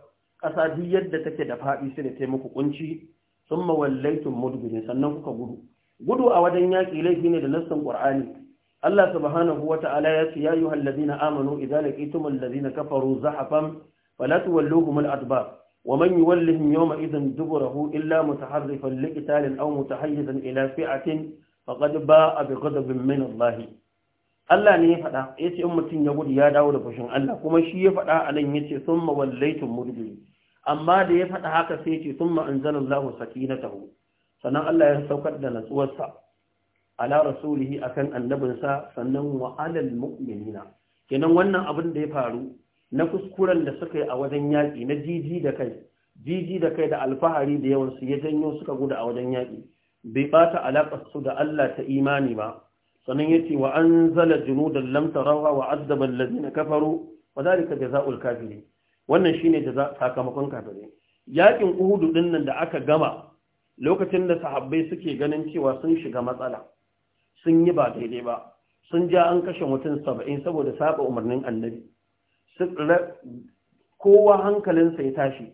kasa duk yadda take da faɗi sai da tai muku kunci thumma wallaytum mudbirin sannan kuka gudu gudu a wajen yaki laifi ne da nassan qur'ani Allah subhanahu wata'ala ya ce ya yi hallazina amanu idan laqitum allazina kafaru zahafan fala izin al-adbar illa يولهم يومئذ دبره إلا متحرفا لقتال أو متحيزا إلى فئة ba باء بغضب من الله Allah ne ya faɗa ya ce in mutum ya gudu ya dawo da fushin Allah kuma shi ya faɗa a nan ya ce sun mawallaitun mudbiri amma da ya faɗa haka sai ya ce sun ma'anzalar lahu sakinatahu sannan Allah ya saukar da natsuwarsa ala rasulihi akan annabinsa sannan wa alal mu'minina kenan wannan abin da ya faru na kuskuren da suka yi a wajen yaƙi na jiji da kai jiji da kai da alfahari da yawan su ya janyo suka gudu a wajen yaƙi bai bata alaƙar su da Allah ta imani ba sannan yace wa anzala junudan lam tarawha wa addaba alladhina kafaru wa dhalika jazaa'ul kafirin wannan shine jaza sakamakon kafirai yaƙin uhudu din nan da aka gama lokacin da sahabbai suke ganin cewa sun shiga matsala sun yi ba daidai ba sun ja an kashe mutum saba'in saboda saba umarnin annabi kowa hankalinsa ya tashi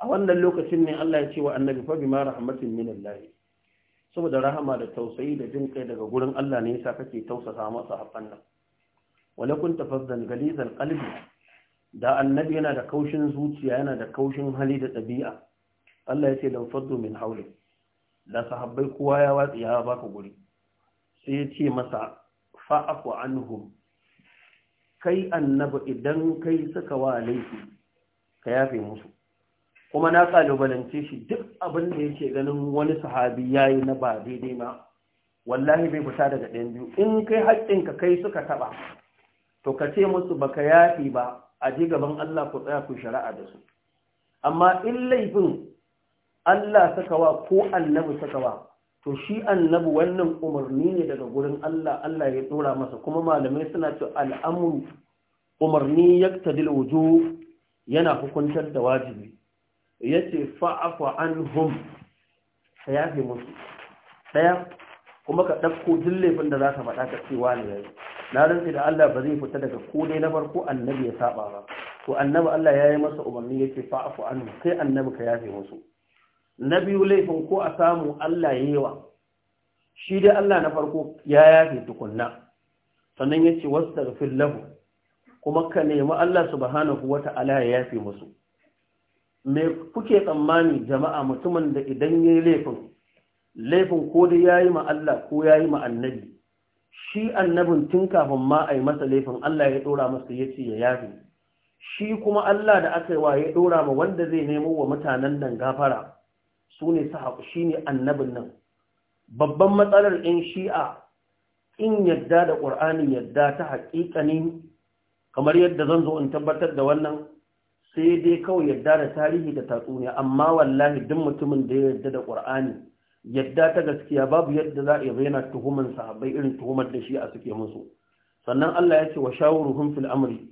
a wannan lokacin ne Allah ya ce wa annabi fa bima rahmatin min Allah saboda rahama da tausayi da jin kai daga gurin Allah ne yasa kake tausasa masa hakan nan wala kunta faddan galizal qalbi da annabi yana da kaushin zuciya yana da kaushin hali da ɗabi'a Allah ya ce lan faddu min hawli da sahabbai kowa ya watsi ya baka guri sai ce masa fa'afu anhum kai annabi idan kai suka wa laifi ka yafe musu kuma na kalubalance shi duk abin da yake ganin wani sahabi yayi na ba daidai ma wallahi bai fita daga ɗayan biyu in kai ka kai suka taɓa to ka ce musu baka yafi ba a ji gaban Allah ku tsaya ku shari'a da su amma in laifin Allah sakawa ko annabi wa? to shi annabi wannan umarni ne daga gurin Allah Allah ya dora masa kuma malamai suna ce al'amru umarni yaktadil wujub yana hukuntar da wajibi yace fa'afu anhum sayafi musu daya kuma ka ɗauko duk da zaka faɗa ka cewa ne yayi na rantsi da Allah ba zai fita daga ko dai na farko annabi ya saba ba to annabi Allah ya yi masa umarni yake fa'afu anhu sai annabi ka yafe musu na biyu laifin ko a samu Allah yawa shi dai Allah na farko ya yafe tukunna sannan ya ce daga lahu kuma ka nemi Allah subhanahu ala ya yafe musu me kuke tsammani jama'a mutumin da idan ya yi laifin laifin ko dai yayi ma Allah ko yayi ma annabi shi annabin tun kafin ma a yi masa laifin Allah ya ɗora masa ya ce ya yafe shi kuma Allah da aka yi wa ya ɗora ma wanda zai nemo wa mutanen nan gafara su ne sahabu shi ne annabin nan babban matsalar 'yan shi'a in yadda da ƙur'ani yadda ta haƙiƙani kamar yadda zan zo in tabbatar da wannan sai dai kawai yadda da tarihi da tatsuniya amma wallahi duk mutumin da ya yadda da ƙur'ani yadda ta gaskiya babu yadda za a yi tuhuman sahabbai irin tuhumar da shi suke musu sannan Allah ya ce wa shawuruhum fil amri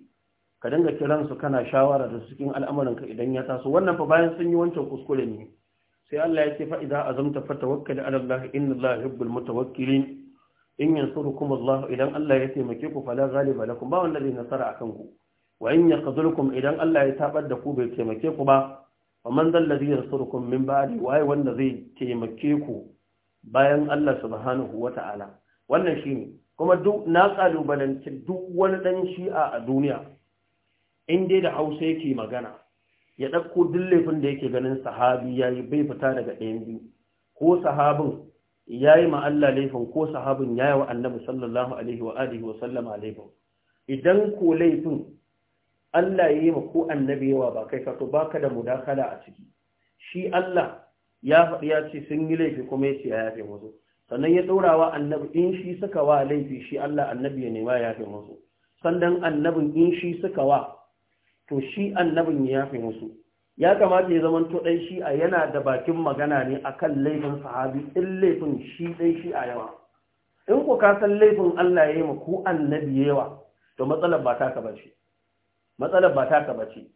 ka dinga kiransu kana shawara da su cikin al'amuranka idan ya taso wannan fa bayan sun yi wancan kuskure ne sai Allah ya ce fa idza azamta fatawakkal ala Allah inna Allah ta mutawakkilin in yansurukum Allah idan Allah ya taimake ku fala ghaliba lakum ba wanda zai nasara akan ku wa in kuma idan Allah ya tabar da ku bai taimake ku ba wa man zal ladhi yansurukum min ba'di wa waye wanda zai taimake ku bayan Allah subhanahu wata'ala wannan shine kuma duk na kalubalanci duk wani dan shi'a a duniya in dai da Hausa yake magana ya ɗauko duk laifin da yake ganin sahabi ya yi bai fita daga ɗayan biyu ko sahabin ya yi ma'alla laifin ko sahabin ya yi wa annabi sallallahu alaihi wa alihi wa sallama laifin idan ko laifin Allah ya yi ma ko annabi yawa ba kai fato ba ka da mudakala a ciki shi Allah ya faɗi ya ce sun yi laifi kuma ya ce ya yafe musu sannan ya ɗora annabi in shi suka wa laifi shi Allah annabi ya nema ya yafe musu sannan annabin in shi suka wa to shi annabin ya fi musu ya kamata ya zama to shi shi'a yana da bakin magana ne akan laifin sahabi in laifin shi ɗai a yawa in ku ka san laifin Allah ya yi ma ku annabi yawa to matsalar ba ta ba ce matsalar ba ta ba ce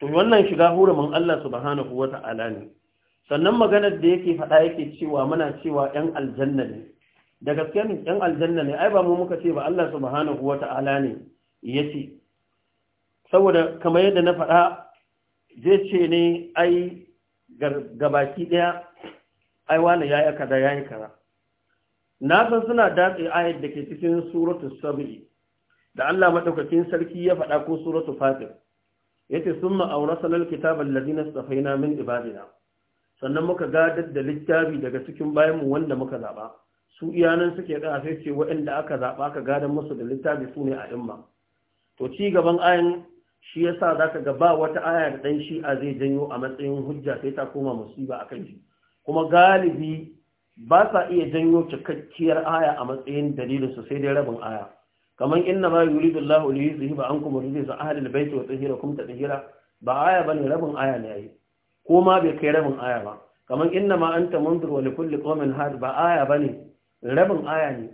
to wannan shiga hurumin Allah subhanahu wata'ala ne sannan maganar da yake faɗa yake cewa muna cewa 'yan aljanna ne da gaske 'yan aljanna ne ai ba mu muka ce ba Allah subhanahu wata'ala ne yace saboda kamar yadda na faɗa zai ce ne ai gabaki ɗaya ai wani ya yi kada ya yi na san suna datse ayar da ke cikin suratu sab'i da Allah maɗaukacin sarki ya faɗa ko suratu fatir yace sun ma'aura sanar kitabar lazina safaina min ibadina sannan muka gadar da littafi daga cikin bayanmu wanda muka zaɓa su iyanan suke ɗaya sai ce waɗanda aka zaɓa ka gadar musu da littafi su ne a imma to ci gaban ayin shi yasa za ka ba wata aya da ɗan shi'a zai janyo a matsayin hujja sai ta koma musiba akan shi kuma galibi ba sa iya janyo cikakkiyar aya a matsayin dalilin su sai dai rabin aya kamar inna ma yuridu Allahu li yuzhiba ankum rijsa ahli al-bayt wa tahirakum tsahira? ba aya bane rabin aya ne yayi ko ma bai kai rabin aya ba kamar inna ma anta munzir wa likulli qawmin had ba aya bane rabin aya ne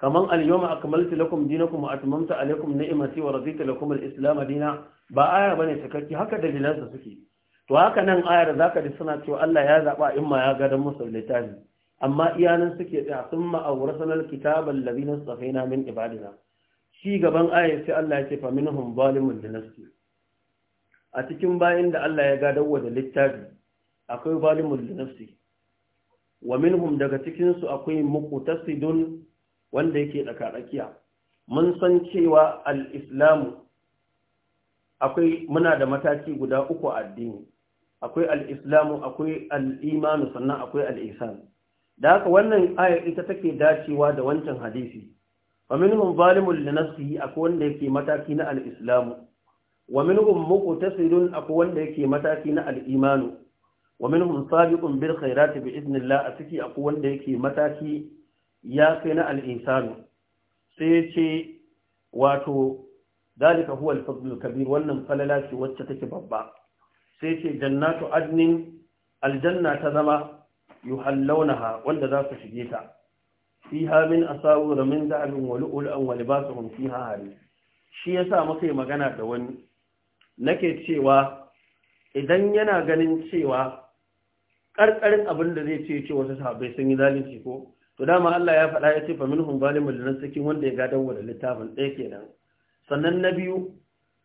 kaman alyoma yawma akmaltu lakum dinakum wa atmamtu alaykum ni'mati wa raditu lakum al-islam dina ba aya bane cikakki haka dalilan sa suke to haka nan ayar zaka ji suna cewa Allah ya zaba in ma ya ga dan musul litafi amma iyanan suke tsaya ma awrasnal kitaba alladhina safaina min ibadina shi gaban ayar sai Allah ya ce fa minhum zalimun li a cikin bayin da Allah ya ga wa da littafi akwai zalimun li wa minhum daga cikin su akwai muqtasidun wanda yake tsakatsakiya mun san cewa al-islamu akwai muna da mataki guda uku a addini akwai al-islamu akwai al-imanu sannan akwai al-ihsan da haka wannan ayar ita take dacewa da wancan hadisi wa minhum zalimun li nafsihi akwai wanda yake mataki na al-islamu wa minhum muqtasidun akwai wanda yake mataki na al-imanu wa minhum sabiqun bil khairati bi idnillah a ciki akwai wanda yake mataki ya kai na al'insanu sai ya ce wato dalika huwa alfadlul kabir wannan falala ce wacce take babba sai ce jannatu adnin aljanna ta zama yuhallawnaha wanda za su shige ta fiha min asawir min da'abin wa lu'lu'an wa libasuhum fiha hari shi yasa muka yi magana da wani nake cewa idan yana ganin cewa ƙarƙarin abin da zai ce ce wasu sahabbai sun yi zalunci ko to dama Allah ya faɗa ya ce fa minhum zalimul sakin wanda ya gadan wa littafin ɗaya kenan sannan na biyu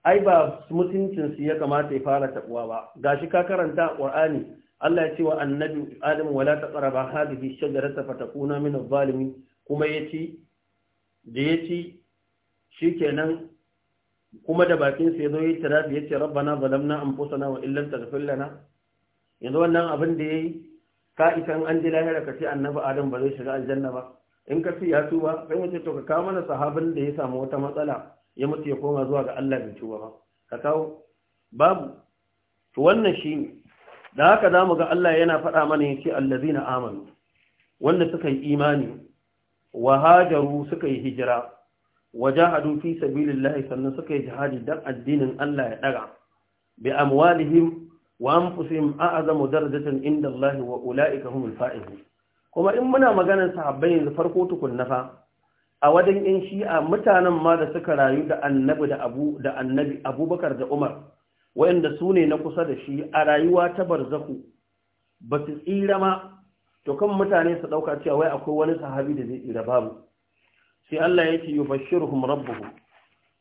ai ba mutuncin su ya kamata ya fara tabuwa ba Ga shi ka karanta Qur'ani Allah ya ce wa annabi Adam wala taqraba hadhihi shajarata fatakuna min adh kuma yace da yace shikenan kuma da bakin sa yazo yace rabbana zalamna anfusana wa illam taghfir lana yanzu wannan abin da yayi ka isa an ji lahira ka ce annabi adam ba zai shiga aljanna ba in ka ce ya tuba sai mu ce to ka kawo mana sahabin da ya samu wata matsala ya mutu ya koma zuwa ga Allah bai tuba ba ka kawo babu to wannan da haka zamu ga Allah yana faɗa mana ya yace allazina amanu wanda suka yi imani wa hajaru suka yi hijira wajahadu fi sabilillahi sannan suka yi jihadi dan addinin Allah ya daga bi amwalihim wa anfusihim a'zamu darajatan inda Allah wa ulaika humul kuma in muna maganar sahabbai yanzu farko tukun nafa a wajen yan shi'a mutanen ma da suka rayu da annabi abubakar da umar wayanda su ne na kusa da shi a rayuwa ta barzaku ba su tsira ma to kan mutane su ɗauka cewa wai akwai wani sahabi da zai tsira babu sai Allah ya ce yubashshiruhum rabbuhum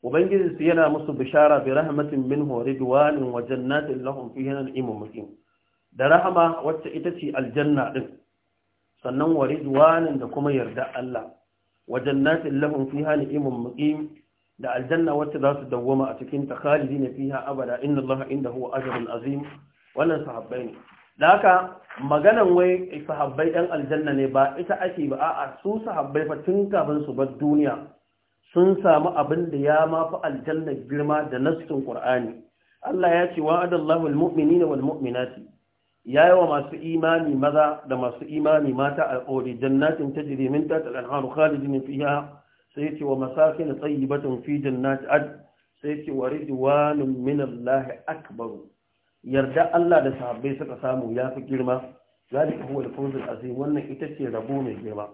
ubangiji su yana musu bishara bi rahmatin min ridwanin wa jannatin lahum fiha na'imun muqim da rahama wacce ita ce aljanna din sannan wa ridwanin da kuma yarda Allah wajen jannatin lahum fiha na'imun da aljanna wacce za su dawwama a cikin ta khalidina fiha abada inna Allah huwa ajrun azim wannan sahabbai ne da haka maganan wai sahabbai ɗan aljanna ne ba ita ake ba a su sahabbai fa tun kafin su bar duniya sun samu abin da ya mafi aljanna girma da nassin ƙur'ani Allah ya ce wa'adallahu almu'minina wal yayi wa masu imani maza da masu imani mata alƙawari jannatin tajri min tahtiha al-anharu khalidin fiha sai ya ce wa masakin tayyibatin fi jannati ad sai ya ce wa ridwanun min Allah akbar yarda Allah da sahabbai suka samu yafi girma zalika huwa al-fawz al-azim wannan ita ce rabo mai girma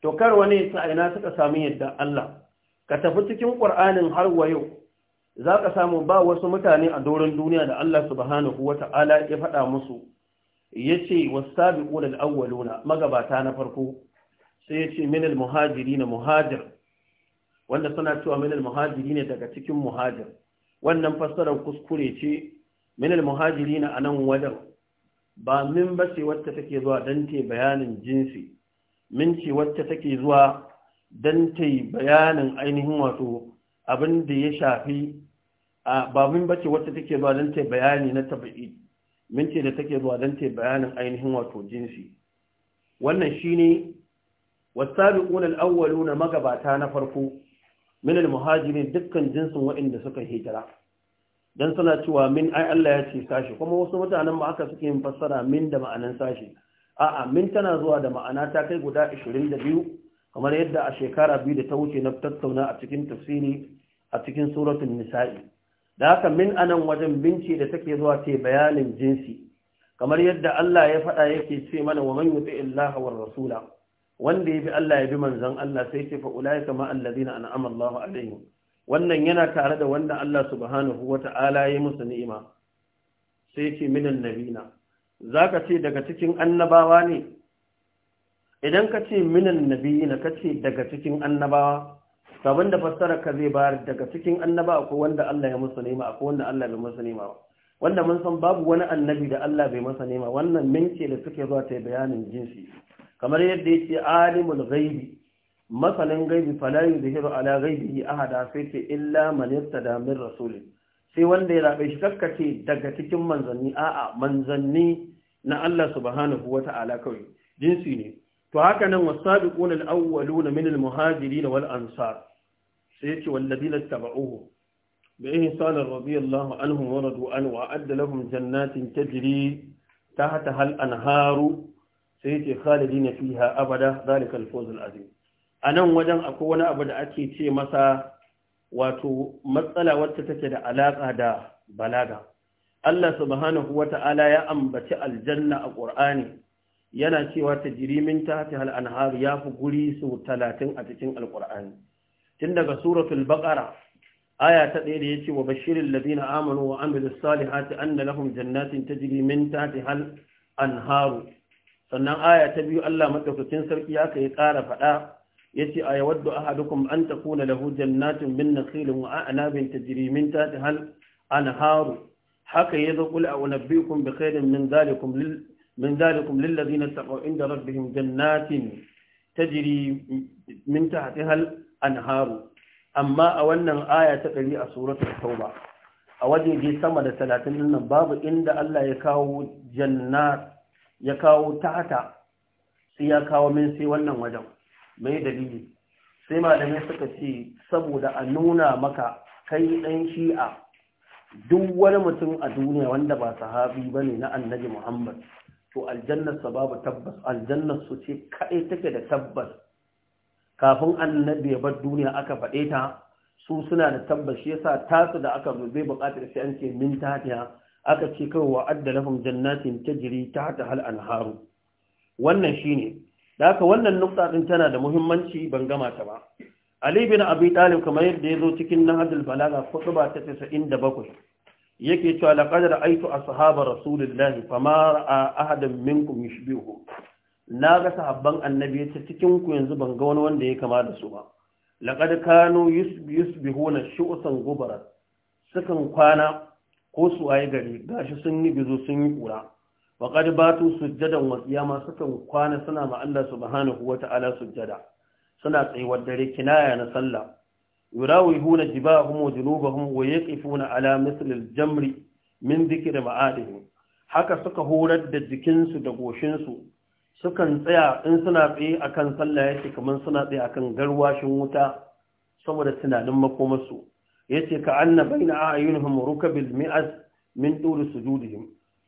to kar wani ina suka samu yadda Allah ka tafi cikin ƙur'anin har wa yau za ka samu ba wasu mutane a doron duniya da Allah subhanahu wa ta'ala ya faɗa musu ya ce wasabi ƙulal awwaluna magabata na farko sai ya ce minal muhajiri na muhajir wanda suna cewa minal muhajiri ne daga cikin muhajir wannan fassarar kuskure ce minal muhajiri na a nan wajen ba min ba ce wacce take zuwa don te bayanin jinsi min ce wacce take zuwa don ta yi bayanin ainihin wato abin da ya shafi a babin bace wacce take zuwa don ta bayani na tabi'i ce da take zuwa dan ta bayanin ainihin wato jinsi wannan shine wasabiqun Auwalu na magabata na farko min muhajirin dukkan jinsin waɗanda suka hijira dan suna cewa min ai Allah ya ce sashi kuma wasu mutanen ba haka suke yin fassara min da ma'anan sashi a'a min tana zuwa da ma'ana ta kai guda 22 kamar yadda a shekara biyu da ta wuce na tattauna a cikin tafsiri a cikin suratun nisa'i da haka min anan wajen binci da take zuwa ce bayanin jinsi kamar yadda Allah ya faɗa yake ce mana wa man yuti illaha wa rasula wanda ya Allah ya bi manzon Allah sai ce fa ulaika ma allazina an'ama Allahu alaihim wannan yana tare da wanda Allah subhanahu wata'ala ya musu ni'ima sai ce minan nabina zaka ce daga cikin annabawa ne idan ka ce minan nabi na ka ce daga cikin annabawa sabon da fassarar ka zai bayar daga cikin annaba ko wanda Allah ya musu nema ko wanda Allah bai musu nema wanda mun san babu wani annabi da Allah bai masa nema wannan mince da suke zuwa ta bayanin jinsi kamar yadda ya ce alimul ghaibi masanin gaibi fala yuzhiru ala ghaibihi ahada sai ce illa man irtada min rasulin sai wanda ya rabe shi kakkace daga cikin manzanni a'a manzanni na Allah subhanahu wata'ala kawai jinsi ne to haka nan wasabiquna al-awwaluna min minin muhajirin wal ansar sai yace walladina tabauhu bi ihsan radiyallahu anhum wa radu an wa adda lahum jannatin ta tahta hal anharu sai yace khalidina fiha abada zalika al-fawz A nan anan wajen akwai wani abu da ake ce masa wato matsala wacce take da alaƙa da balaga Allah subhanahu wata'ala ya ambaci aljanna a Qur'ani yana cewa ta jirimin ta ta al'anhar ya fi guri su talatin a cikin alƙur'ani tun daga suratul baƙara aya ta ɗaya da ya ce wa bashirin ladina amanu wa amilu salihati an da lahum jannatin ta jirimin ta ta sannan aya ta biyu allah maɗaukacin sarki ya ka yi ƙara faɗa ya ce a yawaddu ahadukum an ta kuna lahu jannatin min nakhilin wa a'anabin ta jirimin ta ta haka ya zo kula a unabbikum bi khairin min lil من ذلكم للذين اتقوا عند ربهم جنات تجري من تحتها الانهار اما أولنا ايه تقري سوره التوبه اوجه دي سما ده 30 لنا باب عند الله يكاو جنات يكاو تحت سي يكاو من سي wannan mai dalili sai ما suka ce saboda يسكتي nuna maka kai dan shi'a duk wani mutum a duniya wanda ba sahabi bane na annabi Muhammad to aljannarsa babu tabbas aljannarsu ce kaɗai take da tabbas kafin annabi ya bar duniya aka faɗe ta su suna da tabbas shi sa tasu da aka bai buƙatar sai an ce min tafiya, aka ce kawai wa adda lahum jannatin tajri tahta hal anharu wannan ne. da haka wannan nukta din tana da muhimmanci ban gama ta ba Ali bin Abi Talib kamar yadda ya zo cikin Nahjul Balagha khutba ta 97 yake cewa laqad ra'aytu ashaba rasulillahi fama ra'a ahadan minkum yushbihu na ga sahabban annabi yace cikin ku yanzu ban ga wani wanda ya kama da su ba laqad kanu yusbihuna shu'san gubara sukan kwana ko su ayi gari gashi sun yi bizo sun yi kura wa qad batu sujjadan wa qiyama sukan kwana suna ma Allah subhanahu wata'ala sujjada suna tsayuwar dare kinaya na sallah yurawihuna jibahum wa junubahum wa yaqifuna ala mithl al-jamri min dhikri haka suka horar da jikinsu da goshinsu sukan tsaya in suna tsaye akan sallah yake kaman suna tsaye akan garwashin wuta saboda tunanin makomarsu yace ka anna baina a'yunihim rukabil mi'az min tul ya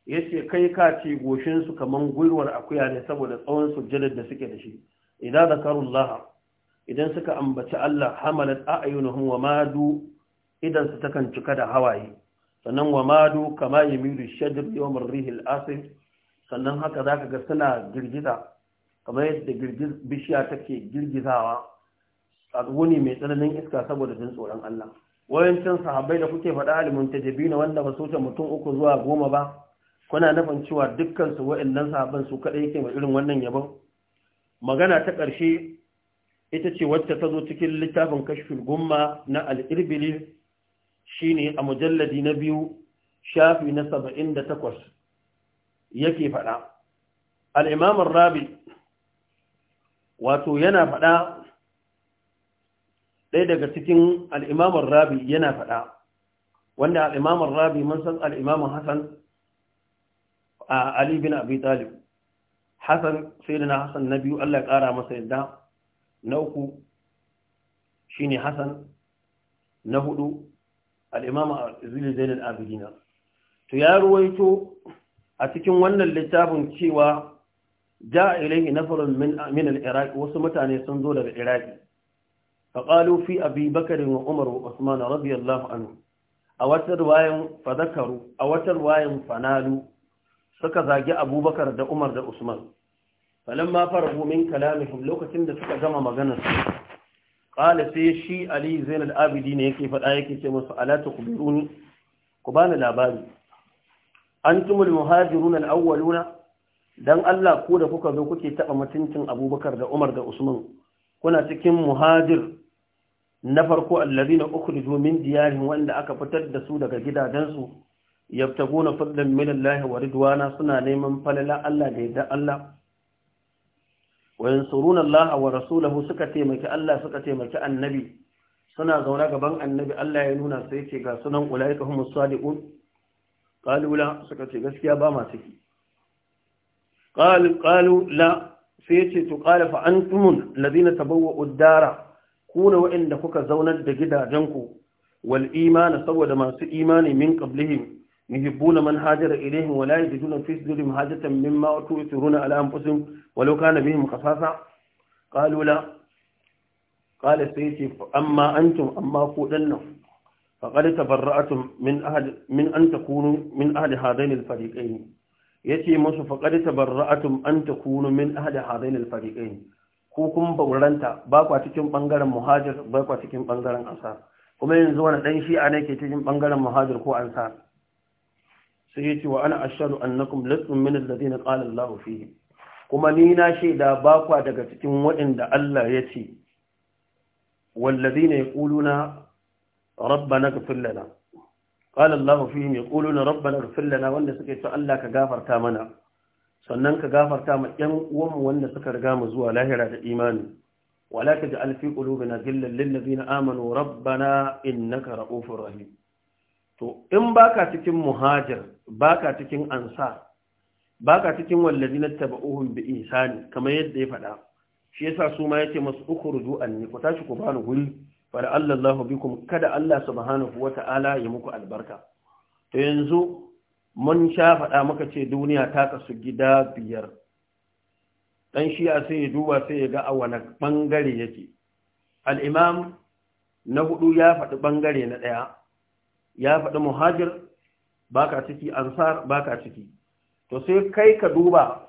yace kai ka ce goshinsu kamar gwiwar akuya ne saboda tsawon sujjadar da suke da shi idan zakarullaha idan suka ambaci Allah hamalat a'yunuhum wa madu idan su takan cika da hawaye sannan wa madu kama yamilu shadr yawm ar-rihil asif sannan haka zaka ga suna girgiza kamar yadda girgiz bishiya take girgizawa a wuni mai tsananin iska saboda jin tsoron Allah wayancin sahabbai da kuke faɗa alimun tajabina wanda ba soce mutum uku zuwa goma ba kuna nufin cewa dukkan su wa'annan sahabban su kaɗai yake mai irin wannan yabon magana ta ƙarshe ita ce wacce ta zo cikin littafin kashfin gumma na al'irbili shi ne a mujalladi na biyu shafi na saba'in da takwas yake faɗa al'imamin rabi wato yana faɗa ɗaya daga cikin al'imamin rabi yana faɗa wanda al'imamin rabi mun san al'imamin hassan a ali bin abi talib hassan sai da na hassan na biyu allah ƙara masa yadda na uku shine Hassan na hudu al-Imam Izzuddin al-Abidin to ya ruwaito a cikin wannan littafin cewa ja ilayhi nafarun min min al-Iraq wasu mutane sun zo daga Iraki فقالوا في أبي بكر وعمر وعثمان wa الله عنهم a wata ruwayan fadakaru a wata fanalu suka zagi abubakar da umar da usman falamma farahu min kalamihim lokacin da suka gama maganar su qala sai shi Aliyu zain abidi ne yake faɗa yake ce musu alatu tukhbiruni ku bani labari antumul muhajiruna al-awwaluna dan Allah ku da kuka zo kuke taba mutuncin Abubakar da Umar da Usman kuna cikin muhajir na farko allazina ukhrijoo min diyarihim wanda aka fitar da su daga gidajensu yabtaguna fadlan min Allah wa ridwana suna neman falala Allah da yadda Allah wa yansuruna Allah wa rasulahu suka taimaki Allah suka taimaki annabi suna zaune gaban annabi Allah ya nuna sai ce ga sunan ulaika humus sadiqun qalu la suka ce gaskiya ba ma ciki qalu qalu la sai ce to qala fa antum alladhina tabawwa'u ad-dara kuna wa'inda kuka zaunar da gidajenku wal imana saboda masu imani min qablihim يحبون من هاجر إليهم ولا يجدون في صدورهم حاجة مما أوتوا يؤثرون على أنفسهم ولو كان بهم خصاصة قالوا لا قال سيتي أما أنتم أما قولنا فقد تبرأتم من أهل من أن تكونوا من أهل هذين الفريقين يتي مصر فقد تبرأتم أن تكونوا من أهل هذين الفريقين كوكم بورنتا باكوا تكون بانغارا مهاجر باكوا تكون بانغارا أنصار kuma yanzu wani ɗan shi'a ne ke cikin ɓangaren muhajir ko ansar sai ya ce wa ana ashadu annakum lastum min alladhina qala Allahu fihi kuma ni na shaida ba kwa daga cikin waɗanda Allah ya ce walladhina yaquluna rabbana ighfir lana qala Allahu fihim yaquluna rabbana ighfir lana wanda suke ce Allah ka gafarta mana sannan ka gafarta ma ƴan uwanmu wanda suka riga mu zuwa lahira da imani wala taj'al fi qulubina ghillan lil ladina amanu rabbana innaka ra'ufur rahim to in baka cikin muhajir baka cikin ansa, baka cikin wallazina tabauhum bi ihsani kamar yadda ya faɗa shi yasa su ma yake masu ukhruju anni ku tashi ku bani guri fa Allah Allahu bikum kada Allah subhanahu wa ta'ala ya muku albarka to yanzu mun sha faɗa muka ce duniya ta kasu gida biyar dan shi'a sai ya duba sai ya ga a wani bangare yake al-imam na hudu ya faɗi bangare na ɗaya ya faɗi muhajir ba ka ciki ansar ka ciki to sai kai ka duba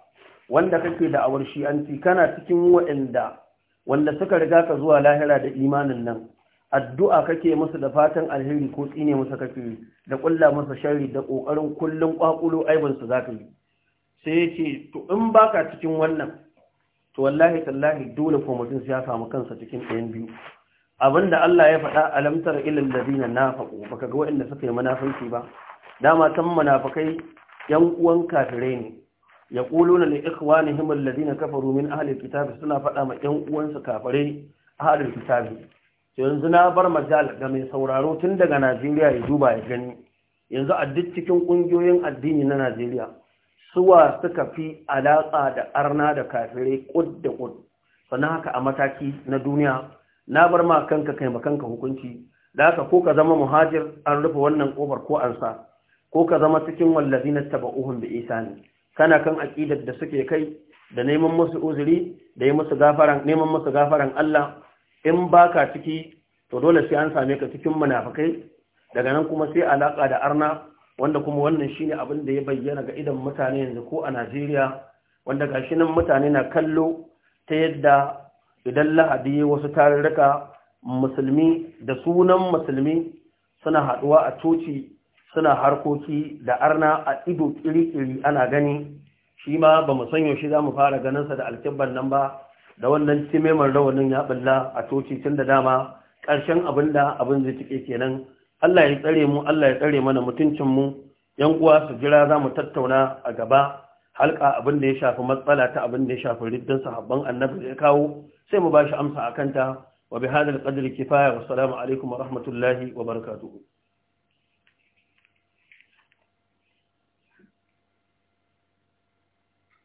wanda kake da awar shi'anci kana cikin waɗanda wanda suka riga ka zuwa lahira da imanin nan addu'a kake musu da fatan alheri ko tsine musu kake da kulla musu shari da kokarin kullun kwakulo aibin su zaka yi sai yace to in baka cikin wannan to wallahi tallahi dole ko mutum ya samu kansa cikin ɗayan biyu abinda Allah ya faɗa alamtar ilil ladina nafaqu baka ga waɗanda suka yi munafiki ba dama tan munafikai yan uwan kafire ne yaquluna li ikhwanihim alladina kafaru min ahli alkitab suna faɗa ma yan uwansu kafirai ahli alkitab yanzu na bar majal ga mai sauraro tun daga Najeriya ya duba ya gani yanzu a duk cikin kungiyoyin addini na Najeriya suwa suka fi alaƙa da arna da kafire ƙud da ƙud sannan haka a mataki na duniya na bar ma kanka kai kanka hukunci da haka ko ka zama muhajir an rufe wannan kofar ko an sa ko ka zama cikin wallazina taba'uhum bi isani kana kan aqidar da suke kai da neman musu uzuri da yi musu gafaran neman musu gafaran Allah in baka ciki to dole sai an same ka cikin munafikai daga nan kuma sai alaka da arna wanda kuma wannan shine abin da ya bayyana ga idan mutane yanzu ko a Najeriya wanda gashi nan mutane na kallo ta yadda idan lahadi wasu tarurruka musulmi da sunan musulmi suna haduwa a coci suna harkoki da arna a ido kiri-kiri ana gani shi ma ba mu sanyo shi za mu fara ganinsa da alkibban nan ba da wannan timeman rawanin ya balla a coci tun da dama ƙarshen abin da abin zai cike kenan Allah ya tsare mu Allah ya tsare mana mutuncinmu yan uwa su jira za mu tattauna a gaba halka abin da ya shafi matsala ta abin da ya shafi riddan sahabban annabi da ya kawo sai mu ba shi amsa akan ta wa bi hadal qadri kifaya wa alaikum wa rahmatullahi wa barakatuh